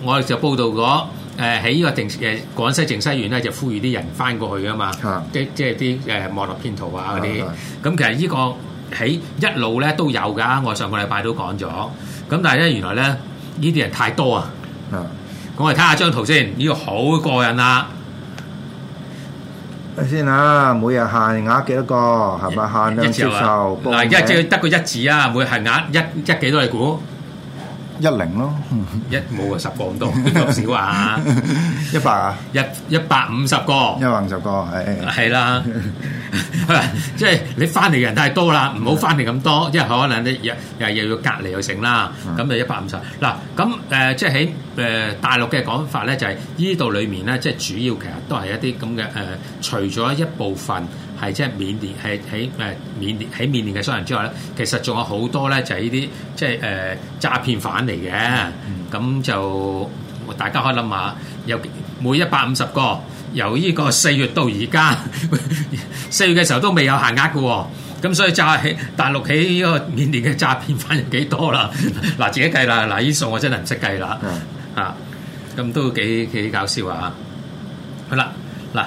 我哋就報道過誒喺呢個靜誒廣西靖西縣咧就呼籲啲人翻過去啊嘛。即即係啲誒網絡片圖啊嗰啲。咁、啊、其實呢個喺一路咧都有㗎。我上個禮拜都講咗。咁但係咧原來咧呢啲人太多啊。我嚟睇下張圖先，呢、呢個好過癮啊！睇先啦，每日限額幾多個？係咪限量銷售？嗱，一隻得個一字啊！每日限額一一幾多你估？一零咯， [laughs] 一冇啊十個咁多，多少 [laughs] 啊，啊？一百啊？一一百五十個，一百五十個，係係啦，即係 [laughs] [laughs] 你翻嚟嘅人太多啦，唔好翻嚟咁多，即係可能你又又又要隔離又成啦，咁就一百五十。嗱，咁呃即係喺呃大陸嘅講法咧，就係呢度裏面咧，即係主要其實都係一啲咁嘅呃，除咗一部分。係即係緬甸係喺誒緬甸喺緬甸嘅商人之外咧，其實仲有好多咧就係呢啲即係誒詐騙犯嚟嘅。咁、嗯、就大家可以諗下，有每一百五十個由呢個四月到而家，四 [laughs] 月嘅時候都未有限額嘅。咁所以就喺大陸起呢個緬甸嘅詐騙犯有幾多啦？嗱， [laughs] 自己計啦。嗱，呢數我真係唔識計啦、嗯。啊，咁都幾幾搞笑啊！好啦，嗱。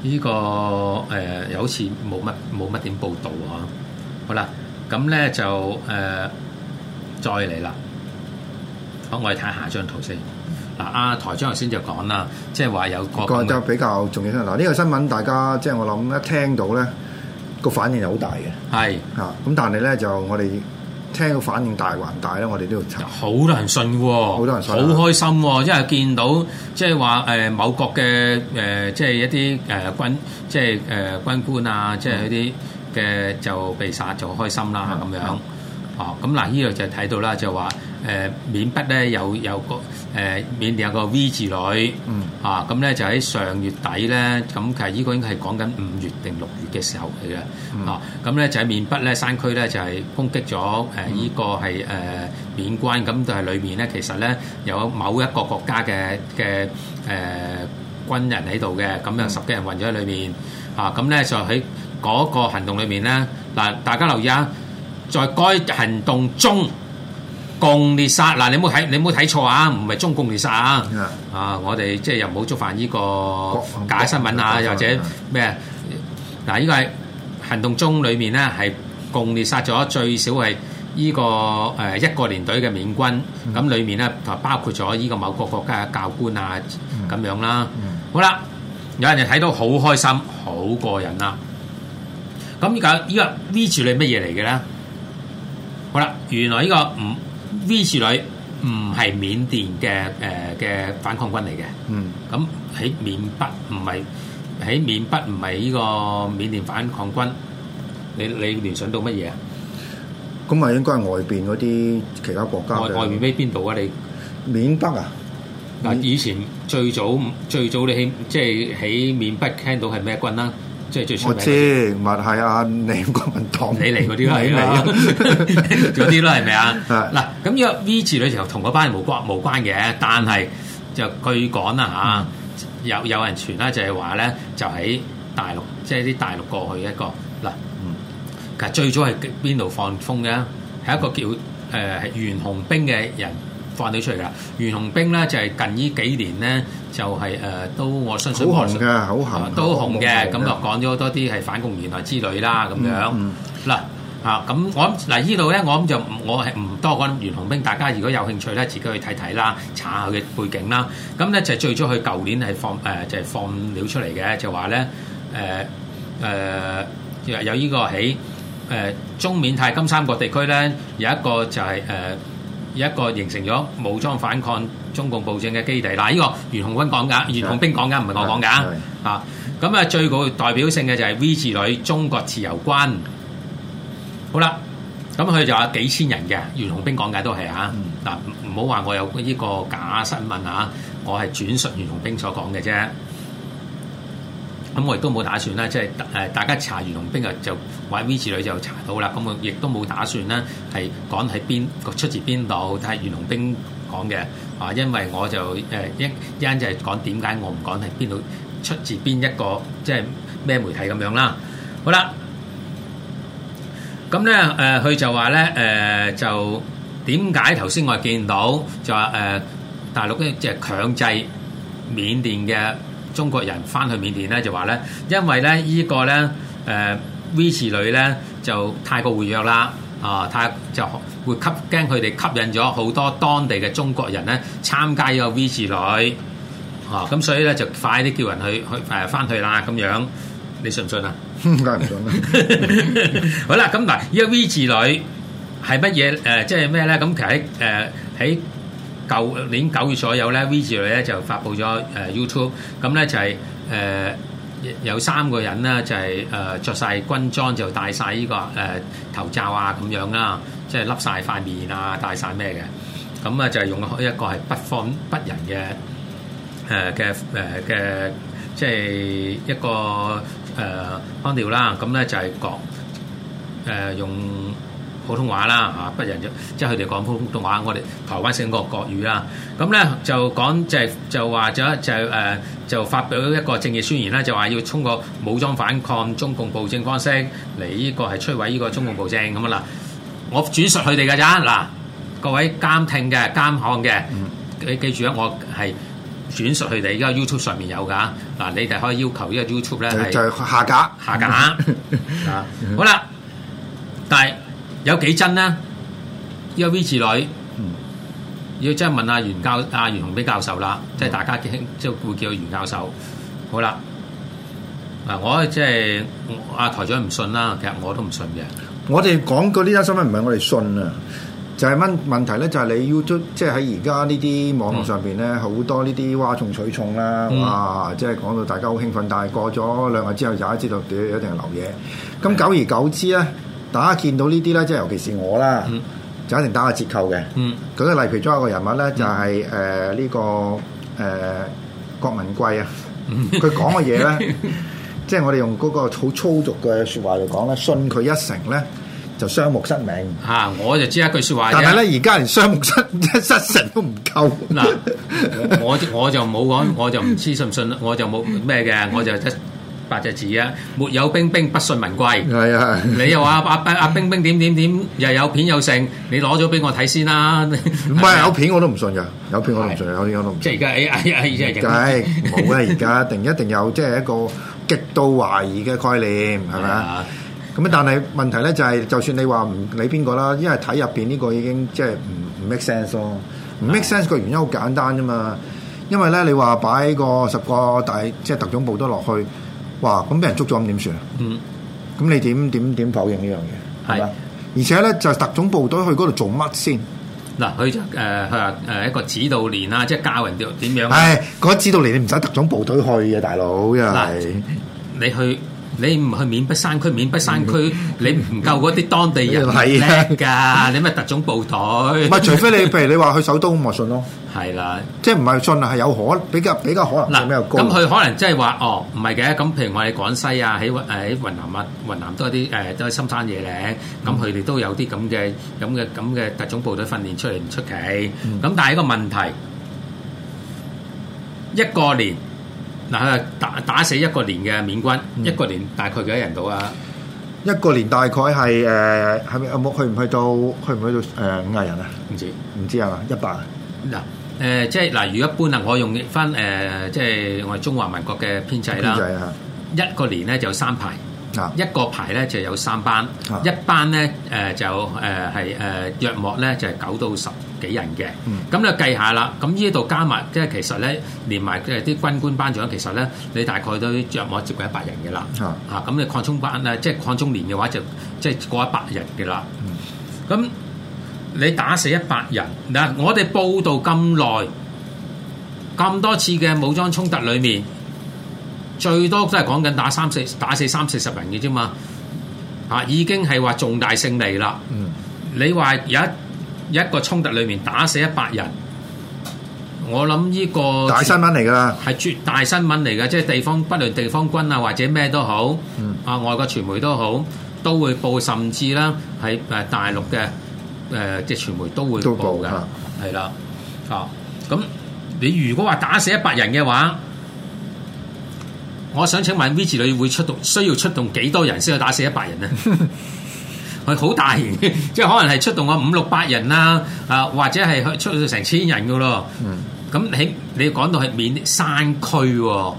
呢、這個誒又、呃、好似冇乜冇乜點報導喎、啊，好啦，咁咧就誒、呃、再嚟啦，好，我哋睇下一張圖先。嗱、啊，阿台長頭先就講啦，即係話有個都比較重要啲。嗱，呢個新聞大家即係、就是、我諗一聽到咧個反應係好大嘅，係嚇。咁、啊、但係咧就我哋。聽到反應大還大咧，我哋都要查好多人信喎，好多人信。好開心，因為見到即係話誒某國嘅誒、呃、即係一啲誒、呃、軍即係誒、呃、軍官啊，即係嗰啲嘅就被殺就開心啦咁、嗯、樣。哦、嗯，咁嗱，呢度、嗯這個、就睇到啦，就話、是。誒、呃、緬北咧有有個誒、呃、緬甸有個 V 字女。嗯啊咁咧就喺上月底咧，咁其、嗯啊就是呃這個呃，其實呢個應該係講緊五月定六月嘅時候嚟嘅，啊咁咧就喺緬北咧山區咧就係攻擊咗呢依個係誒緬關，咁就係裏面咧其實咧有某一個國家嘅嘅誒軍人喺度嘅，咁有十幾人混咗喺裏面，嗯、啊咁咧就喺嗰個行動裏面咧嗱，大家留意啊，在該行動中。共獵殺嗱，你冇睇你冇睇錯啊，唔係中共獵殺啊！啊，我哋即係又冇觸犯呢個假新聞啊，又或者咩啊？嗱，依個係行動中裡面咧，係共獵殺咗最少係依個誒一個連隊嘅緬軍，咁裡面咧就包括咗依個某個國家嘅教官啊咁樣啦。好啦，有人就睇到好開心，好過癮啦。咁而家依個 V 字你係乜嘢嚟嘅咧？好啦，原來依個唔～V 字女唔係緬甸嘅誒嘅反抗軍嚟嘅，嗯，咁喺緬北唔係喺緬北唔係呢個緬甸反抗軍，你你聯想到乜嘢啊？咁啊，應該係外邊嗰啲其他國家嘅。外邊喺邊度啊？你緬北啊？嗱，以前最早最早你喺即係喺緬北聽到係咩軍啦？即係最出名，我知，咪係阿李國民黨你嚟嗰啲咯，係、啊啊、 [laughs] [laughs] 啦，嗰啲咯係咪啊？嗱，咁呢個 V 字咧就同嗰班人冇關無關嘅，但係就據講啦吓，有有人傳啦，就係話咧，就喺大陸，即係啲大陸過去一個嗱、嗯，其實最早係邊度放風嘅？係一個叫、呃、袁紅兵嘅人。放咗出嚟啦！袁紅冰咧就係、是、近呢幾年咧就係、是、誒、呃、都我相信好紅嘅，好、啊、紅都紅嘅，咁就講咗多啲係反共原來之類啦咁、嗯、樣。嗱、嗯、啊咁我諗嗱、啊、呢度咧我諗就我係唔多講袁紅冰，大家如果有興趣咧自己去睇睇啦，查下佢嘅背景啦。咁咧就最早佢舊年係放誒、呃、就係、是、放料出嚟嘅，就話咧誒誒有呢個喺誒、呃、中緬泰金三角地區咧有一個就係、是、誒。呃一個形成咗武裝反抗中共暴政嘅基地。嗱，呢個袁紅冰講噶，袁紅冰講噶，唔係我講噶。啊、嗯，咁啊，最具代表性嘅就係 V 字女中國自由軍。好啦，咁佢就有幾千人嘅，袁紅冰講嘅都係啊。嗱、嗯，唔好話我有呢個假新聞啊，我係轉述袁紅冰所講嘅啫。咁我亦都冇打算啦，即係誒大家查袁隆兵就就喺 WeChat 裏就查到啦。咁我亦都冇打算啦，係講喺邊個出自邊度，但係袁隆兵講嘅。啊，因為我就誒一一陣就係講點解我唔講喺邊度出自邊一個，即係咩媒體咁樣啦。好啦，咁咧誒，佢、呃、就話咧誒，就點解頭先我見到就話誒、呃、大陸咧即係強制緬甸嘅。中國人翻去緬甸咧就話咧，因為咧呢個咧誒 V 字女咧就太過活躍啦，啊太就會吸驚，佢哋吸引咗好多當地嘅中國人咧參加呢個 V 字女。啊咁所以咧就快啲叫人去去誒翻去啦咁樣，你信唔信啊？梗係唔信 [laughs] [laughs] 好啦，咁嗱呢個 V 字女係乜嘢？誒即係咩咧？咁其實誒喺，舊年九月左右咧，V 字類咧就發布咗誒 YouTube，咁咧就係、是、誒、呃、有三個人啦、就是，就係誒著曬軍裝，就戴晒呢、這個誒、呃、頭罩啊咁樣啦，即係笠晒塊面啊，戴晒咩嘅，咁啊就係用一個係北方北人嘅誒嘅誒嘅，即、呃、係、呃就是、一個誒腔調啦，咁、呃、咧就係講誒用普通話啦，嚇不人即係佢哋講普通話，我哋台灣成個國,國語啦。咁咧就講即係就話咗就誒就,、呃、就發表一個政治宣言啦，就話要通過武裝反抗中共暴政方式嚟呢個係摧毀呢個中共暴政咁啊嗱，我轉述佢哋㗎咋嗱，各位監聽嘅監看嘅，你、嗯、記住啊，我係轉述佢哋，而、這、家、個、YouTube 上面有㗎嗱，你哋可以要求呢個 YouTube 咧係下架最最下架,下架 [laughs] 啊， [laughs] 好啦，但係。有幾真呢？依個 V 字女、嗯，要真係問阿袁教、阿袁紅俾教授啦、嗯，即係大家傾，即係會叫袁教授。好啦，嗱，我即係阿、啊、台長唔信啦，其實我都唔信嘅。我哋講過呢單新聞唔係我哋信啊，就係、是、問問題咧，就係、是、你要即係喺而家呢啲網絡上邊咧，好、嗯、多呢啲嘩眾取寵啦、啊嗯，哇！即係講到大家好興奮，但係過咗兩日之後，就都知道有一定係流嘢。咁久而久之咧。大家見到呢啲咧，即係尤其是我啦、嗯，就一定打下折扣嘅。舉、嗯、個例，其中一個人物咧、就是，就係誒呢個誒、呃、郭文貴啊，佢講嘅嘢咧，即係 [laughs] 我哋用嗰個好粗俗嘅説話嚟講咧，信佢一成咧，就雙目失明嚇、啊。我就知一句説話，但係咧，而家連雙目失失神都唔夠嗱。我我就冇講，我就唔知信唔信啦，我就冇咩嘅，我就八隻字啊！沒有冰冰不信文貴，係啊！你又話阿阿阿冰冰點點點又有片有剩，你攞咗俾我睇先啦！唔係有片我都唔信㗎，有片我都唔信，有片我都唔即係而家，哎呀，而家而家冇啦！而家定一定有即係一個極度懷疑嘅概念，係咪啊？咁啊，但係問題咧就係，就算你話唔理邊個啦，因為睇入邊呢個已經即係唔唔 make sense 咯，唔 make sense 個原因好簡單啫嘛，因為咧你話擺個十個大即係特種部都落去。哇！咁俾人捉咗咁點算啊？嗯，咁你點點點否認呢樣嘢？係，而且咧就係、特種部隊去嗰度做乜先？嗱，佢就係一個指導連啊，即係教人點樣。係、哎，嗰指導連你唔使特種部隊去呀，大佬係你去。你唔去緬北山區，緬北山區你唔夠嗰啲當地人叻㗎，你咪特種部隊。唔係，除非你譬如你話去首都，我信咯。係啦，即係唔係信啊？係有可比較比較可能性比較高。咁佢可能即係話哦，唔係嘅。咁譬如我哋廣西啊，喺雲喺雲南啊，雲南都有啲誒都係深山野嶺，咁佢哋都有啲咁嘅咁嘅咁嘅特種部隊訓練出嚟唔出奇。咁但係一個問題，一過年。嗱，打打死一個連嘅緬軍，嗯，一個連大概幾多人到啊？一個連大概係誒係咪阿木去唔去到？去唔去到誒五十人啊？唔知唔知啊？一百嗱誒，即係嗱、呃，如果一般啊，我用翻誒、呃，即係我哋中華民國嘅編制啦。編制啊！一個連咧就有三排，啊、一個排咧就有三班，啊、一班咧誒、呃、就誒係誒約莫咧就係、是、九到十。幾人嘅？咁就計下啦，咁呢度加埋，即係其實咧連埋即係啲軍官班長，其實咧你大概都約我接近一百人嘅啦。嚇咁、啊、你擴充班咧，即係擴充連嘅話就即係、就是、過一百人嘅啦。咁你打死一百人嗱，我哋報道咁耐咁多次嘅武裝衝突裏面，最多都係講緊打三四打死三四十人嘅啫嘛。嚇、啊、已經係話重大勝利啦。你話有一？一個衝突裏面打死一百人，我諗呢個大新聞嚟噶，係絕大新聞嚟噶。即係地方不論地方軍啊，或者咩都好，嗯、啊外國傳媒都好，都會報。甚至啦，喺誒大陸嘅誒即係傳媒都會報噶。係啦、嗯，啊，咁你如果話打死一百人嘅話，我想請問 V 字旅會出動需要出動幾多人先去打死一百人呢？ [laughs] 佢好大型嘅，即係可能係出動咗五六百人啦，啊或者係去出到成千人噶咯。嗯，咁你你講到係緬山區喎，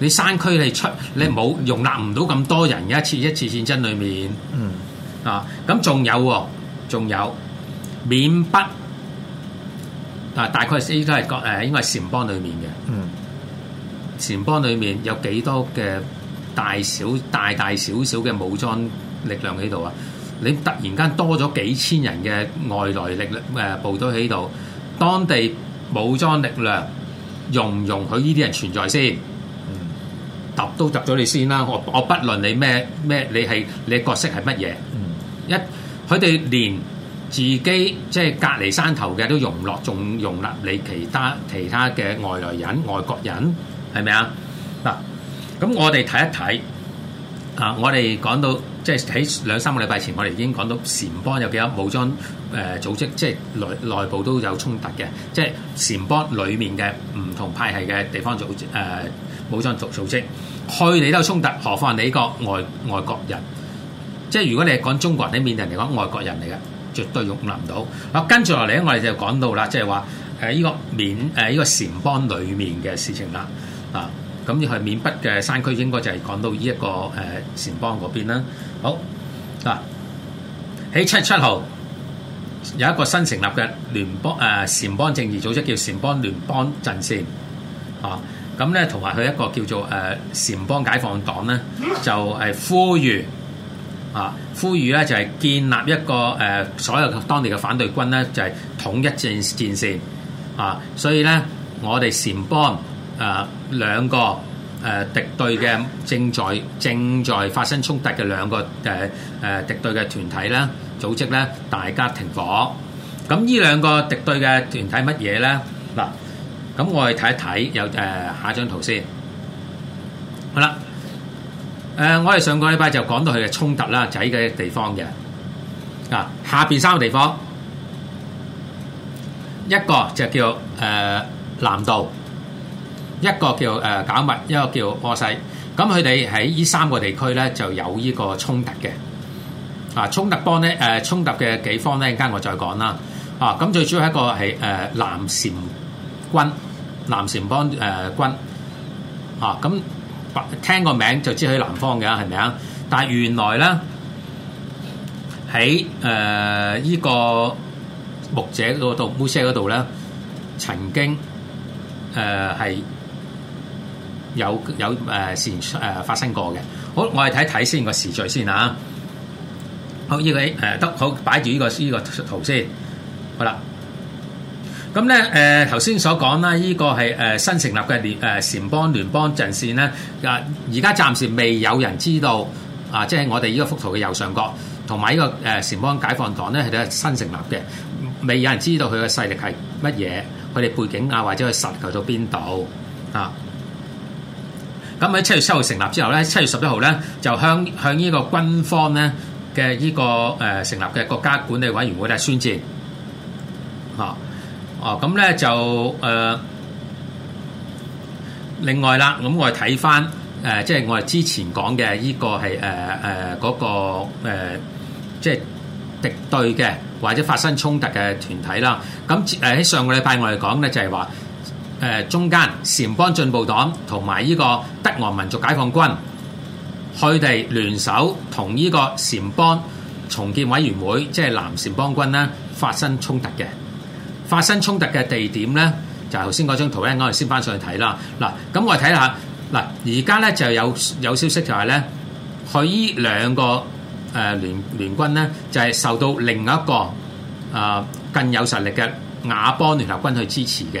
你山區你出你冇容納唔到咁多人嘅一次一次戰爭裏面。嗯，啊咁仲有喎，仲有緬北啊，大概依家係國誒應該係撣邦裏面嘅。嗯，撣邦裏面有幾多嘅大小大大小小嘅武裝力量喺度啊？你突然間多咗幾千人嘅外來力量誒部隊喺度，當地武裝力量容唔容許呢啲人存在先？揼都揼咗你先啦！我我不論你咩咩，你係你角色係乜嘢？一佢哋連自己即係隔離山頭嘅都容唔落，仲容納你其他其他嘅外來人、外國人係咪啊？嗱，咁我哋睇一睇啊！我哋講到。即係喺兩三個禮拜前，我哋已經講到禪邦有幾多武裝誒組織，即係內內部都有衝突嘅。即係禪邦裡面嘅唔同派系嘅地方組誒、呃、武裝組組織，去你都有衝突，何況你個外外國人？即係如果你講中國你人喺緬甸嚟講，外國人嚟嘅，絕對容納唔到。好，跟住落嚟咧，我哋就講到啦，即係話誒依個緬誒依個禪邦裡面嘅事情啦，啊。咁要去緬北嘅山區，應該就係講到呢、這、一個誒禪、呃、邦嗰邊啦。好嗱，喺、啊、七七號有一個新成立嘅聯邦誒禪、呃、邦政治組織，叫禪邦聯邦陣線。啊，咁咧同埋佢一個叫做誒禪、呃、邦解放黨咧，就誒呼籲啊呼籲咧就係、是、建立一個誒、呃、所有當地嘅反對軍咧，就係、是、統一戰戰線啊。所以咧，我哋禪邦。誒兩個誒敵對嘅正在正在發生衝突嘅兩個誒誒敵對嘅團體啦、組織咧，大家停火。咁呢兩個敵對嘅團體乜嘢咧？嗱，咁我哋睇一睇，有誒下張圖先。好啦，誒我哋上個禮拜就講到佢嘅衝突啦，就喺嘅地方嘅。嗱，下邊三個地方，一個就叫誒南道。一個叫誒賈默，一個叫波西，咁佢哋喺呢三個地區咧就有呢個衝突嘅。啊，衝突幫咧誒，衝突嘅幾方咧，陣間我再講啦。啊，咁最主要係一個係誒南禪軍，南禪幫誒軍。啊，咁聽個名就知佢喺南方嘅係咪啊？但係原來咧喺誒呢個牧者嗰度，穆斯嗰度咧，曾經誒係。有有誒事誒發生過嘅。啊呢個，好，我哋睇睇先個時序先嚇。好，呢個誒得好，擺住呢個依個圖先好了好了。好，呃、啦，咁咧誒頭先所講啦，呢個係誒新成立嘅聯誒撣邦聯邦陣線咧。啊，而家暫時未有人知道啊，即係我哋呢個幅圖嘅右上角同埋呢個誒撣邦解放黨咧係得新成立嘅，未有人知道佢嘅勢力係乜嘢，佢哋背景啊或者佢實求到邊度啊？咁喺七月七號成立之後咧，七月十一號咧就向向依個軍方咧嘅呢個誒成立嘅國家管理委員會咧宣戰。嚇哦，咁、哦、咧就誒、呃、另外啦，咁我哋睇翻誒，即、呃、係、就是、我哋之前講嘅呢個係誒誒嗰個即係、呃就是、敵對嘅或者發生衝突嘅團體啦。咁誒喺上個禮拜我哋講咧就係話。誒中間，撣邦進步黨同埋依個德昂民族解放軍，佢哋聯手同依個撣邦重建委員會，即係南撣邦軍咧發生衝突嘅。發生衝突嘅地點咧，就係頭先嗰張圖咧，我哋先翻上去睇啦。嗱，咁我哋睇下，嗱，而家咧就有有消息就係咧，佢依兩個誒聯聯軍咧，就係受到另一個誒更有實力嘅佤邦聯合軍去支持嘅。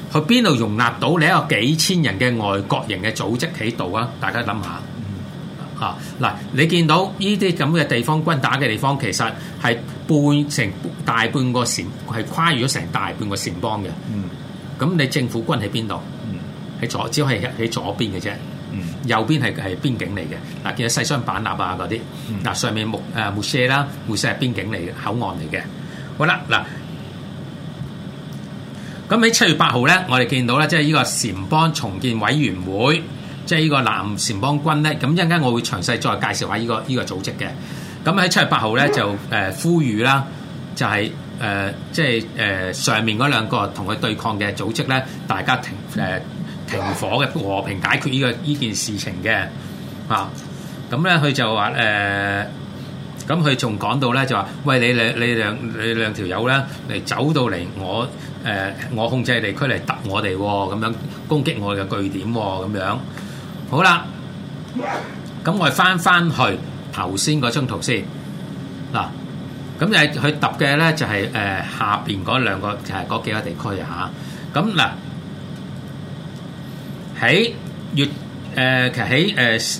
去邊度容納到你一個幾千人嘅外國人嘅組織喺度啊？大家諗下嚇嗱，你見到呢啲咁嘅地方軍打嘅地方，其實係半成大半，係成大半個城係跨越咗成大半個城邦嘅。咁、嗯、你政府軍喺邊度？喺、嗯、左，只係喺左邊嘅啫、嗯。右邊係係邊境嚟嘅嗱，見到西雙版納啊嗰啲嗱，上面木誒木屑啦，木屑係邊境嚟嘅口岸嚟嘅。好啦嗱。啊咁喺七月八號咧，我哋見到咧，即係呢個撣邦重建委員會，即係呢個南撣邦軍咧。咁一陣間我會詳細再介紹下呢、呢個依、呢個組織嘅。咁喺七月八號咧就誒、呃、呼籲啦，就係誒即係誒上面嗰兩個同佢對抗嘅組織咧，大家停誒、呃、停火嘅和平解決呢、呢個呢件、呢個、事情嘅啊。咁咧佢就話誒。呃咁佢仲講到咧，就話：喂你兩你兩你兩條友咧嚟走到嚟，我誒我控制地區嚟揼我哋喎，咁樣攻擊我哋嘅據點喎，咁樣。好啦，咁我哋翻翻去頭先嗰張圖先嗱，咁就佢揼嘅咧就係誒下邊嗰兩個就係嗰幾個地區吓。咁嗱喺粵誒其實喺誒。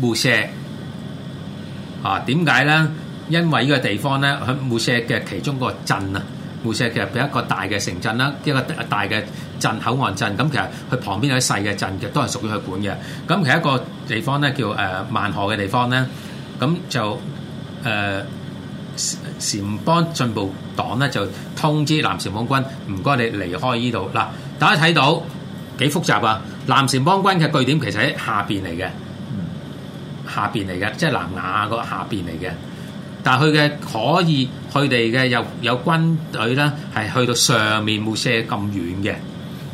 無錫啊，點解咧？因為呢個地方咧，喺無錫嘅其中個鎮啊，無錫其實佢一個大嘅城鎮啦，一個大嘅鎮口岸鎮。咁其實佢旁邊有啲細嘅鎮嘅，都係屬於佢管嘅。咁其實一個地方咧，叫誒萬河嘅地方咧，咁就誒，撣邦進步黨咧就通知南撣邦軍，唔該你離開呢度嗱。大家睇到幾複雜啊？南撣邦軍嘅據點其實喺下邊嚟嘅。下邊嚟嘅，即係南亞嗰下邊嚟嘅，但係佢嘅可以，佢哋嘅有有軍隊啦，係去到上面冇射咁遠嘅。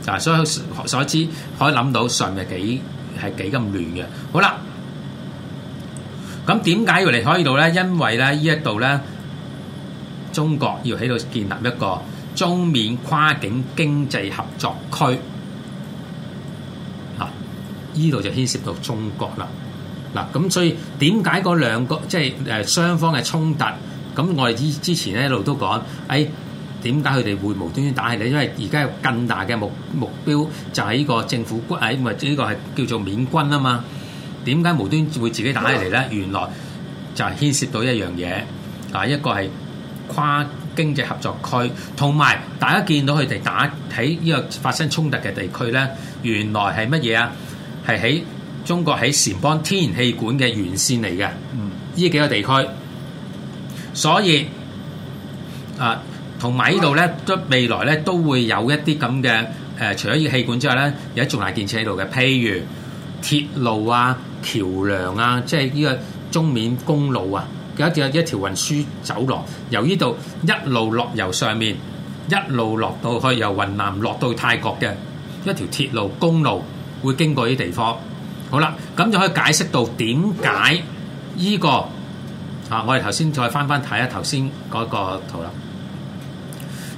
嗱，所以佢所知可以諗到上面幾係幾咁亂嘅。好啦，咁點解要離開呢度咧？因為咧呢一度咧，中國要喺度建立一個中緬跨境經濟合作區，啊，呢度就牽涉到中國啦。嗱，咁所以點解嗰兩個即係誒雙方嘅衝突？咁我哋之之前咧一路都講，誒點解佢哋會無端端打起嚟？因為而家有更大嘅目目標就係依個政府軍，係咪呢個係叫做緬軍啊嘛？點解無端會自己打起嚟咧？原來就係牽涉到一樣嘢。嗱，一個係跨經濟合作區，同埋大家見到佢哋打喺依個發生衝突嘅地區咧，原來係乜嘢啊？係喺中國喺撣邦天然氣管嘅沿線嚟嘅，嗯，依幾個地區，所以啊，同埋依度咧，都未來咧都會有一啲咁嘅誒，除咗依氣管之外咧，有啲重大建設喺度嘅，譬如鐵路啊、橋梁啊，即係依個中緬公路啊，有一條一條運輸走廊，由依度一路落由上面一路落到去由雲南落到泰國嘅一條鐵路公路，會經過依啲地方。好啦，咁就可以解釋到點解呢個吓我哋頭先再翻翻睇下頭先嗰個圖啦，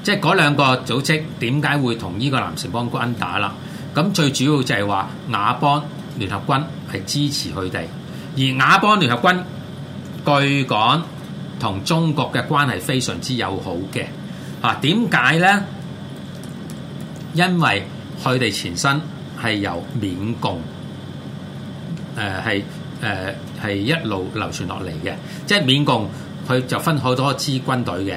即係嗰兩個組織點解會同呢個南城邦軍打啦？咁最主要就係話佤邦聯合軍係支持佢哋，而佤邦聯合軍據講同中國嘅關係非常之友好嘅吓，點解咧？因為佢哋前身係由緬共。誒係誒係一路流傳落嚟嘅，即係緬共佢就分好多支軍隊嘅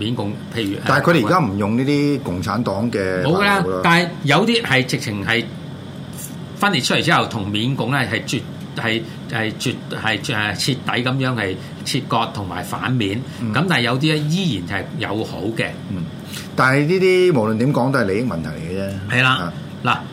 緬共，譬如但係佢哋而家唔用呢啲共產黨嘅，冇啦。但係有啲係直情係分裂出嚟之後，同緬共咧係絕係係絕係誒徹底咁樣係切割同埋反面。咁但係有啲咧依然係友好嘅。嗯，但係呢啲無論點講都係利益問題嚟嘅啫。係啦，嗱、啊。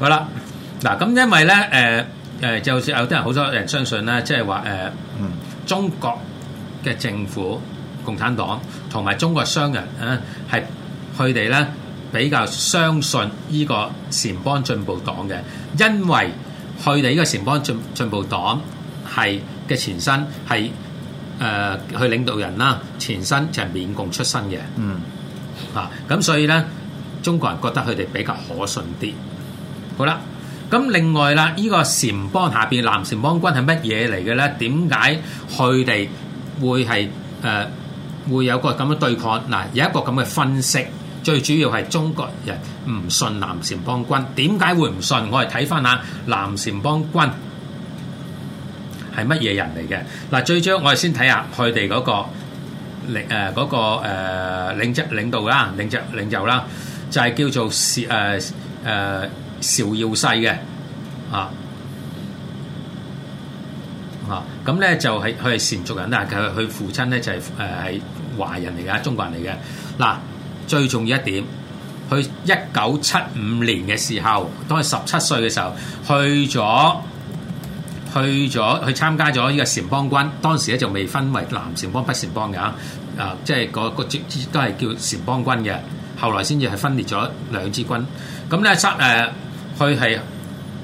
好啦，嗱咁，因為咧，誒、呃、誒，就好似有啲人，好多人相信咧，即係話誒，嗯、呃，中國嘅政府、共產黨同埋中國商人啊，係佢哋咧比較相信依個撣邦進步黨嘅，因為佢哋呢個撣邦進進步黨係嘅前身係誒佢領導人啦，前身就係緬共出身嘅，嗯，啊，咁所以咧，中國人覺得佢哋比較可信啲。好啦，咁另外啦，呢個撣邦下邊南撣邦軍係乜嘢嚟嘅咧？點解佢哋會係誒會有個咁樣對抗？嗱，有一個咁嘅分析，最主要係中國人唔信南撣邦軍，點解會唔信？我哋睇翻下，南撣邦軍係乜嘢人嚟嘅？嗱，最主要我哋先睇下佢哋嗰個領誒嗰個誒領執領導啦，領執領袖啦，就係叫做是誒誒。邵耀世嘅，啊啊，咁咧就係佢係撣族人啦。佢佢父親咧就係誒係華人嚟噶，中國人嚟嘅。嗱、啊，最重要一點，佢一九七五年嘅時候，當係十七歲嘅時候，去咗去咗去，去參加咗呢個撣邦軍。當時咧就未分為南撣邦、北撣邦嘅，啊，即係、那個個支都係叫撣邦軍嘅。後來先至係分裂咗兩支軍。咁咧，七、呃、誒。佢係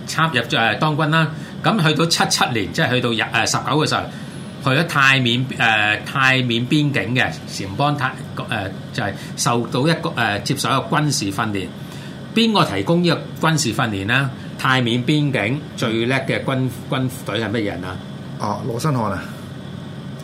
插入咗係當軍啦，咁去到七七年，即係去到入誒十九嘅時候，去咗泰緬誒、呃、泰緬邊境嘅撣邦泰誒、呃、就係、是、受到一個誒、呃、接受一個軍事訓練。邊個提供呢個軍事訓練呢的是呢啊？泰緬邊境最叻嘅軍軍隊係乜人啊、呃？哦，羅星漢啊！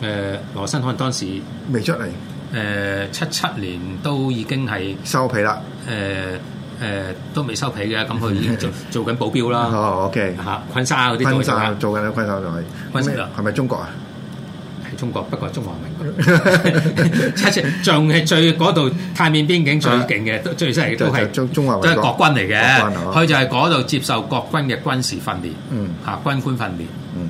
誒，羅星漢當時未出嚟、呃。誒，七七年都已經係收皮啦、呃。誒。誒、呃、都未收皮嘅，咁、嗯、佢做做緊保鏢啦。 [laughs] 哦，OK。嚇，坤沙嗰啲在下做緊坤沙在下。坤沙啊？係咪中國啊？係中國，不過係中華民國，國。名。 [laughs] [laughs] 哈哈仲係最嗰度泰緬邊境最勁嘅、啊，最犀利都係、就是、中中華民國都國國軍嚟嘅。佢、哦、就係嗰度接受國軍嘅軍事訓練。嗯。嚇、啊，軍官訓練。嗯。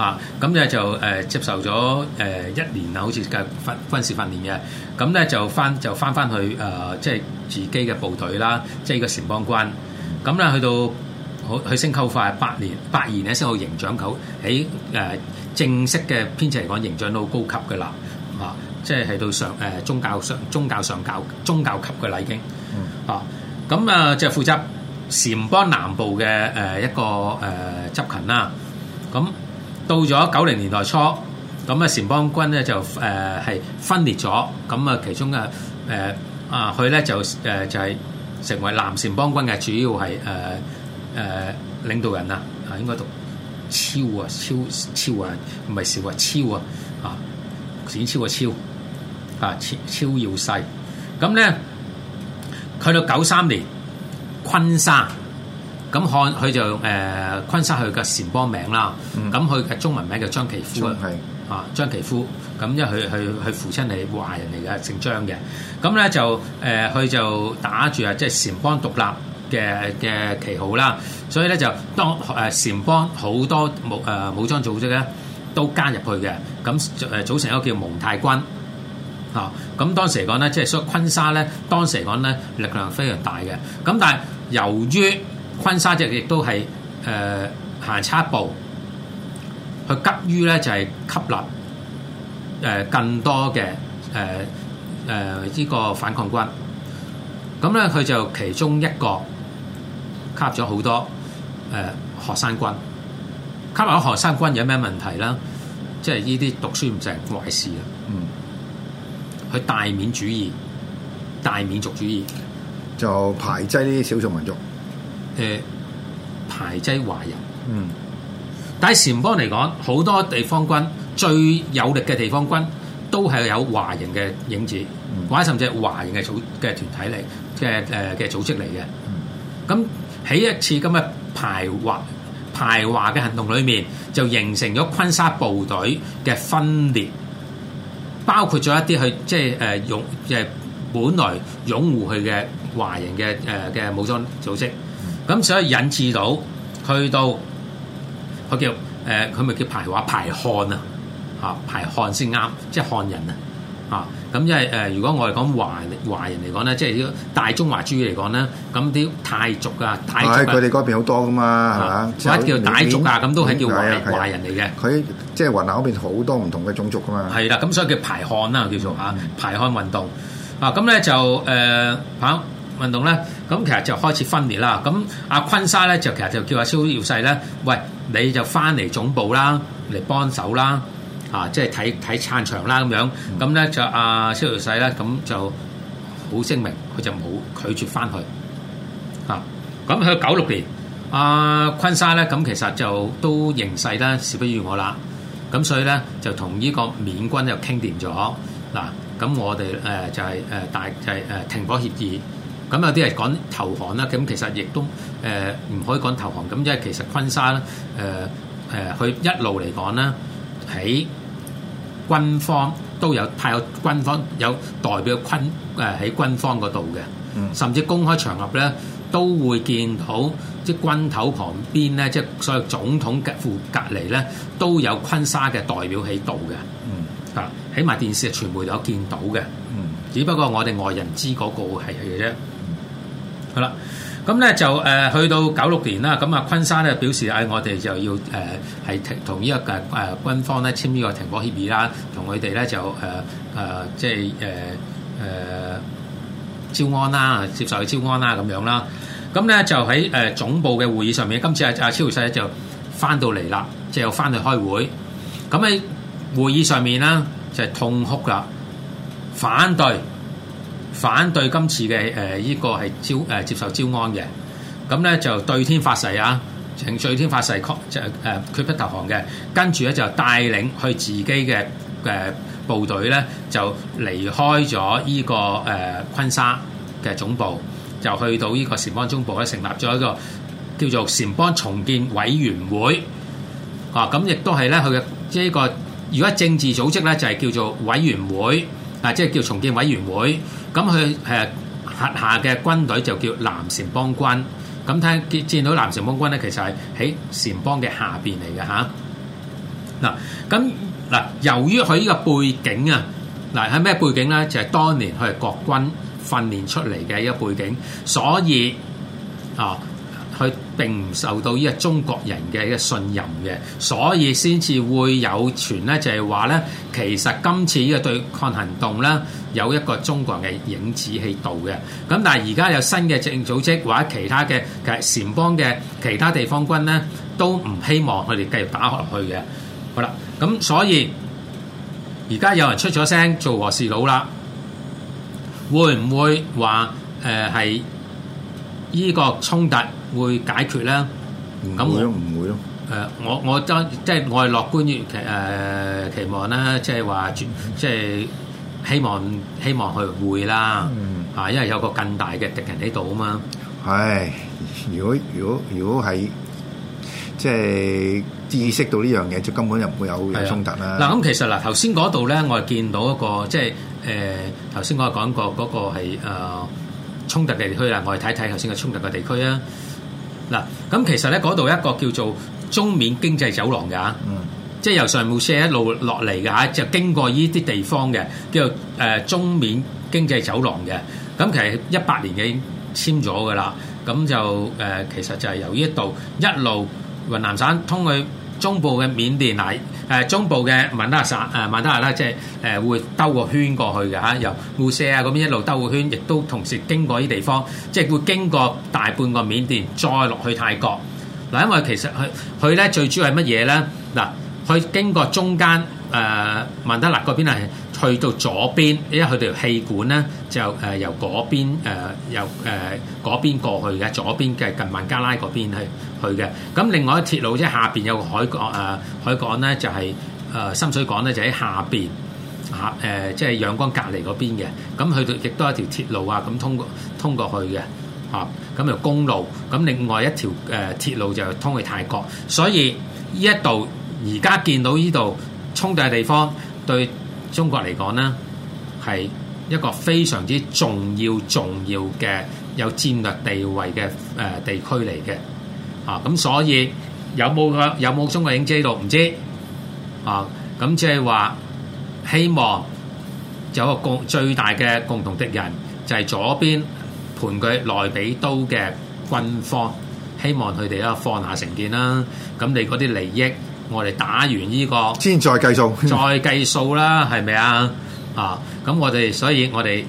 啊，咁咧就誒接受咗誒一年啊，好似嘅軍軍事訓練嘅。咁咧就翻就翻翻去誒，即係自己嘅部隊啦，即、啊、係、就是、個船邦軍。咁、啊、咧去到去去升級快八年，八二年咧先升到營長級，喺誒正式嘅編制嚟講，營長都好高級嘅啦。啊，即係去到上誒、啊、宗教上宗教上教宗教級嘅啦已經啊。咁啊，就負責船邦南部嘅誒一個誒執勤啦。咁、啊到咗九零年代初，咁啊，撣邦軍咧就誒係分裂咗，咁啊，其中嘅誒啊，佢、呃、咧就誒就係成為南撣邦軍嘅主要係誒誒領導人啦，啊，應該讀超啊，超超啊，唔係少啊，超啊，啊，展超啊，超啊，超超，超，超要細，咁咧去到九三年，昆沙。咁看佢就誒、呃，坤沙佢嘅撣邦名啦。咁佢嘅中文名叫張其夫啊，啊張其夫。咁因為佢佢佢父親係華人嚟嘅，姓張嘅。咁咧就佢、呃、就打住啊，即係撣邦獨立嘅嘅旗號啦。所以咧就當誒、啊、撣邦好多武誒、啊、武裝組織咧都加入去嘅，咁誒組成一個叫蒙太軍啊。咁當時嚟講咧，即係所以坤沙咧，當時嚟講咧力量非常大嘅。咁但係由於昆沙即係亦都係誒、呃、行差一步，佢急於咧就係、是、吸納誒、呃、更多嘅誒誒呢個反抗軍，咁咧佢就其中一個吸咗好多誒、呃、學生軍，吸埋啲學生軍有咩問題咧？即係呢啲讀書唔成壞事啊！嗯，佢大面主義、大面族主義，就排擠啲少數民族。誒排擠華人，嗯，但係撣邦嚟講，好多地方軍最有力嘅地方軍都係有華人嘅影子，或、嗯、者甚至係華人嘅組嘅團體嚟嘅，嘅嘅、呃、組織嚟嘅。咁、嗯、喺一次咁嘅排華排華嘅行動裏面，就形成咗昆沙部隊嘅分裂，包括咗一啲去即係誒擁即係本來擁護佢嘅華人嘅誒嘅武裝組織。咁所以引致到去到佢叫誒，佢、呃、咪叫排華排漢啊？嚇排漢先啱，即係漢人啊！嚇咁因為誒，如果我哋講華華人嚟講咧，即係大中華主義嚟講咧，咁啲泰族啊，泰族啊，啊，佢哋嗰邊好多噶嘛，係、啊、嘛？或者叫傣族啊？咁、嗯、都係叫華華人嚟嘅。佢即係雲南嗰邊好多唔同嘅種族噶嘛。係啦，咁所以叫排漢啦、啊，叫做嚇排漢運動啊！咁咧就誒嚇。呃啊運動咧，咁其實就開始分裂啦。咁阿坤沙咧就其實就叫阿蕭耀世咧，喂，你就翻嚟總部啦，嚟幫手啦，啊，即係睇睇撐場啦咁樣。咁咧就阿、啊、蕭耀世咧，咁就好聲明，佢就冇拒絕翻去。啊，咁去到九六年阿坤、啊、沙咧，咁其實就都形勢咧，始不如我啦。咁所以咧就同呢個緬軍又傾掂咗嗱。咁、啊、我哋、呃、就係、是呃、大就係、是、誒、呃、停火協議。咁有啲係講投降啦，咁其實亦都誒唔可以講投降。咁因為其實昆、呃、沙咧，誒、呃、佢、呃、一路嚟講咧，喺軍方都有太有軍方有代表昆喺軍方嗰度嘅，甚至公開場合咧都會見到即軍頭旁邊咧，即所有總統嘅副隔離咧都有昆沙嘅代表喺度嘅。嗯，嚇、啊，起碼電視嘅傳媒都有見到嘅。嗯，只不過我哋外人知嗰個係嘅啫。好啦，咁咧就誒去到九六年啦，咁啊，坤沙咧表示誒我哋就要誒係同依個誒軍方咧簽呢個停火協議啦，同佢哋咧就誒誒、呃、即係誒誒招安啦，接受招安啦咁樣啦。咁咧就喺誒總部嘅會議上面，今次阿阿超世就翻到嚟啦，即係又翻去開會。咁喺會議上面啦，就係痛哭啦，反對，反對今次嘅誒依個係招誒接受招安嘅，咁咧就對天發誓啊，呈對天發誓確就誒決不投降嘅。跟住咧就帶領佢自己嘅誒部隊咧，這個，就離開咗呢個誒坤沙嘅總部，就去到呢個撣邦中部咧，成立咗一個叫做撣邦重建委員會啊。咁亦都係咧佢嘅即係一個如果政治組織咧就係叫做委員會啊，即係叫重建委員會。咁佢係轄下嘅軍隊就叫南撣邦軍，咁睇見到南撣邦軍咧，其實係喺撣邦嘅下邊嚟嘅嚇。嗱，咁嗱，由於佢呢個背景啊，嗱係咩背景咧？就係當年佢係國軍訓練出嚟嘅一個背景，所以啊。佢並唔受到依個中國人嘅一個信任嘅，所以先至會有傳咧，就係話咧，其實今次依個對抗行動咧，有一個中國人嘅影子喺度嘅。咁但係而家有新嘅政組織或者其他嘅嘅撣邦嘅其他地方軍咧，都唔希望佢哋繼續打落去嘅。好啦，咁所以而家有人出咗聲做和事佬啦，會唔會話誒係依個衝突？會解決啦，唔會咯，唔會咯。誒，我我都即係我係樂觀於期誒期望啦，即係話即係希望希望佢會啦，嚇，因為有個更大嘅敵人喺度啊嘛。係，如果如果如果係即係意識到呢樣嘢，就根本就唔會有衝突啦。嗱，咁其實嗱，頭先嗰度咧，我係見到一個即係誒，頭先我係講過嗰個係誒衝突地區啦，我哋睇睇頭先嘅衝突嘅地區啊。嗱，咁其實咧，嗰度一個叫做中緬經濟走廊嘅，即係由上慕斯一路落嚟嘅嚇，就經過呢啲地方嘅，叫做誒中緬經濟走廊嘅。咁其實一八年已經簽咗嘅啦，咁就誒其實就係由呢一度一路雲南省通去中部嘅緬甸嚟。中部嘅曼德勒省，誒曼德勒，即係會兜個圈過去嘅，由烏舍啊嗰邊一路兜個圈，亦都同時經過啲地方，即係會經過大半個緬甸，再落去泰國。嗱，因為其實佢佢咧最主要係乜嘢咧？嗱，佢經過中間誒曼德勒嗰邊係。去到左邊，因為佢條氣管咧就誒由嗰邊誒由誒嗰邊過去嘅左邊，嘅近孟加拉嗰邊去去嘅。咁另外鐵路即係下邊有個海港誒海港咧，就係誒深水港咧，就喺下邊下誒，即係仰光隔離嗰邊嘅。咁去到亦都有一條鐵路啊，咁通過通過去嘅啊。咁由公路，咁另外一條誒鐵路就通去泰國，所以呢一度而家見到呢度衝突嘅地方對中國嚟講咧，係一個非常之重要、重要嘅有戰略地位嘅誒地區嚟嘅。啊，咁所以有冇個有冇中國影子喺度唔知？啊，咁即係話希望有個共最大嘅共同敵人，就係左邊盤踞內比都嘅軍方，希望佢哋咧放下成見啦，咁你嗰啲利益。我哋打完呢、這個，先再計數，再計數啦，係咪 [laughs] 啊？啊，咁我哋，所以我哋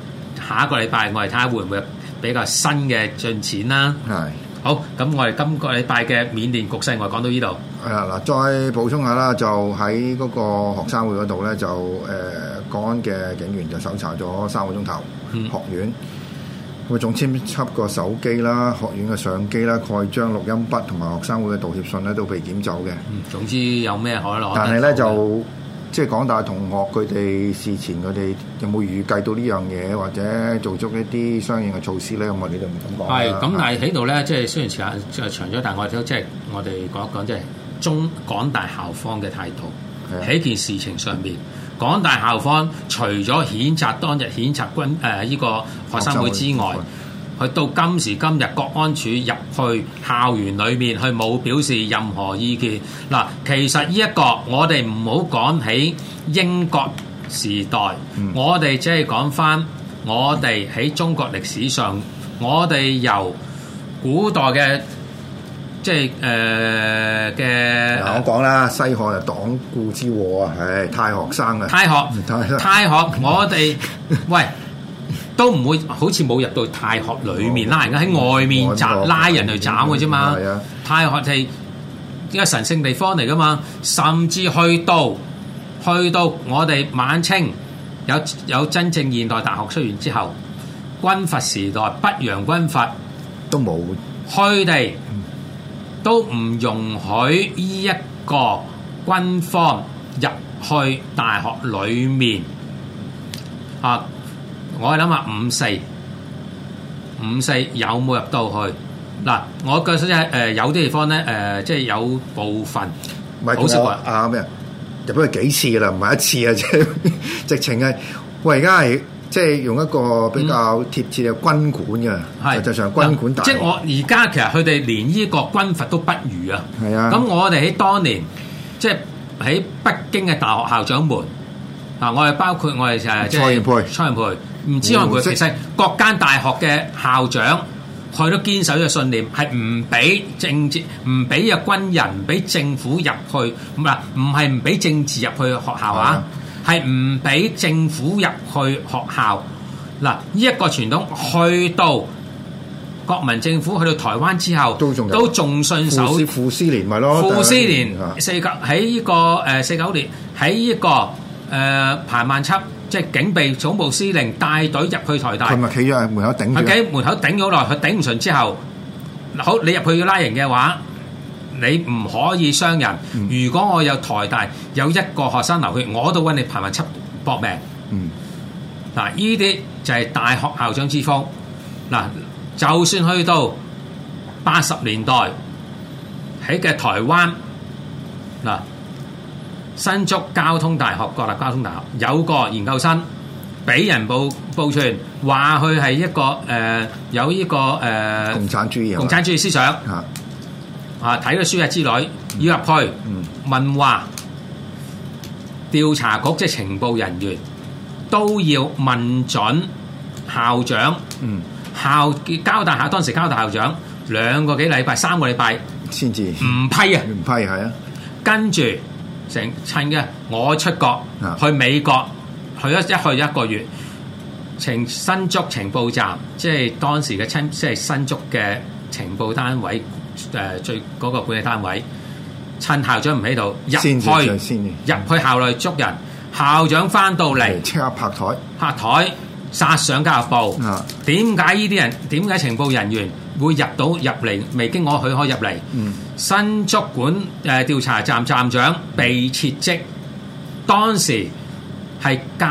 下一個禮拜，我哋睇下會唔會比較新嘅進展啦。係，好，咁我哋今個禮拜嘅緬甸局勢，我講到呢度。係啊，嗱，再補充一下啦，就喺嗰個學生會嗰度咧，就、呃、港安嘅警員就搜查咗三個鐘頭、嗯、學院。佢仲簽執個手機啦、學院嘅相機啦、蓋章錄音筆同埋學生會嘅道歉信咧，都被檢走嘅。嗯，總之有咩可能？但係咧就即係廣大同學佢哋事前佢哋有冇預計到呢樣嘢，或者做足一啲相應嘅措施咧？咁我哋都唔敢講。係咁，但係喺度咧，即係雖然時間即係長咗，但係我哋都即係我哋講一講，即係中廣大校方嘅態度喺件事情上面。嗯港大校方除咗譴責當日譴責軍誒依個學生會之外，佢到今時今日，國安處入去校園裏面，去冇表示任何意見。嗱，其實依一個我哋唔好講起英國時代，我哋只係講翻我哋喺中國歷史上，我哋由古代嘅。即係誒嘅，嗱、呃、我講啦，西漢啊，黨錮之禍啊，係太學生啊，太學太學，太學，我哋 [laughs] 喂都唔會，好似冇入到太學裡面啦。人家喺外面摘拉、這個、人去斬嘅啫嘛。太學就係一個神聖地方嚟噶嘛。甚至去到去到我哋晚清有有真正現代大學出現之後，軍閥時代北洋軍閥都冇佢哋。都唔容許呢一個軍方入去大學裏面啊！我係諗下五四五四，有冇入到去？嗱，我嘅意思係誒，有啲地方咧誒，即係有部分，唔係好少啊！咩入咗去幾次啦？唔係一次啊，即係直情係喂而家係。即係用一個比較貼切嘅軍管嘅，實際上軍管、嗯、即係我而家其實佢哋連呢個軍閥都不如啊！係啊！咁我哋喺當年，即係喺北京嘅大學校長們啊，我哋包括我哋就係蔡元培、蔡元培，唔知蔡元培其實各間大學嘅校長，佢都堅守嘅信念係唔俾政治、唔俾嘅軍人、唔俾政府入去，唔係唔係唔俾政治入去嘅學校啊！係唔俾政府入去學校嗱？依一個傳統去到國民政府去到台灣之後，都仲都仲信守。傅傅斯年咪咯？傅斯年四九喺依個誒四九年喺依個誒彭孟緝，即係警備總部司令帶隊入去台大，佢咪企喺門口頂住，喺門口頂咗耐，佢頂唔順之後，好，你入去要拉人嘅話。你唔可以傷人。如果我有台大有一個學生流血，我都揾你排埋七搏命。嗱，呢啲就係大學校長之風。嗱，就算去到八十年代喺嘅台灣，嗱，新竹交通大學、國立交通大學有個研究生俾人報報傳話，佢係一個誒有呢個誒共產主義、共產主義思想。啊！睇個書日之旅要入去問話、嗯、調查局即係情報人員都要問準校長，嗯、校交大校當時交大校長兩個幾禮拜三個禮拜先至唔批啊！唔批係啊！跟住成親嘅我出國去美國去咗一去一個月，情新竹情報站即係當時嘅親即係新竹嘅情報單位。誒、呃、最嗰、那個管理單位，趁校長唔喺度入去先先，入去校內捉人、嗯。校長翻到嚟即、嗯、刻拍台，拍台殺上教育部。點解呢啲人？點解情報人員會入到入嚟未經我許可入嚟、嗯？新足管誒、呃、調查站站長被撤職，當時係戒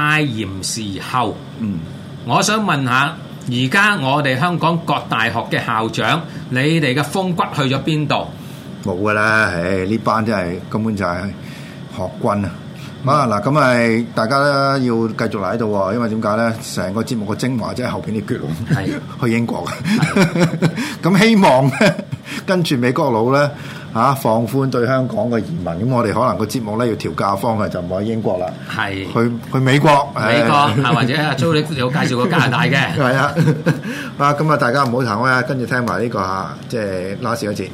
嚴時候。嗯，我想問下。而家我哋香港各大學嘅校長，你哋嘅風骨去咗邊度？冇噶啦，唉！呢班真係根本就係學棍啊！啊嗱，咁咪大家要繼續賴喺度喎，因為點解咧？成個節目嘅精華即係後邊啲結論，係去英國嘅。咁希望咧，跟住美國佬咧。嚇、啊，放寬對香港嘅移民，咁我哋可能個節目咧要調教方向，就唔喺英國啦，去去美國，美國、 [laughs] 啊、或者阿 Joe 你有介紹過加拿大嘅、 [laughs] 啊，啊，啊咁啊大家唔好行開、這個、啊，跟住聽埋呢個嚇，即係 last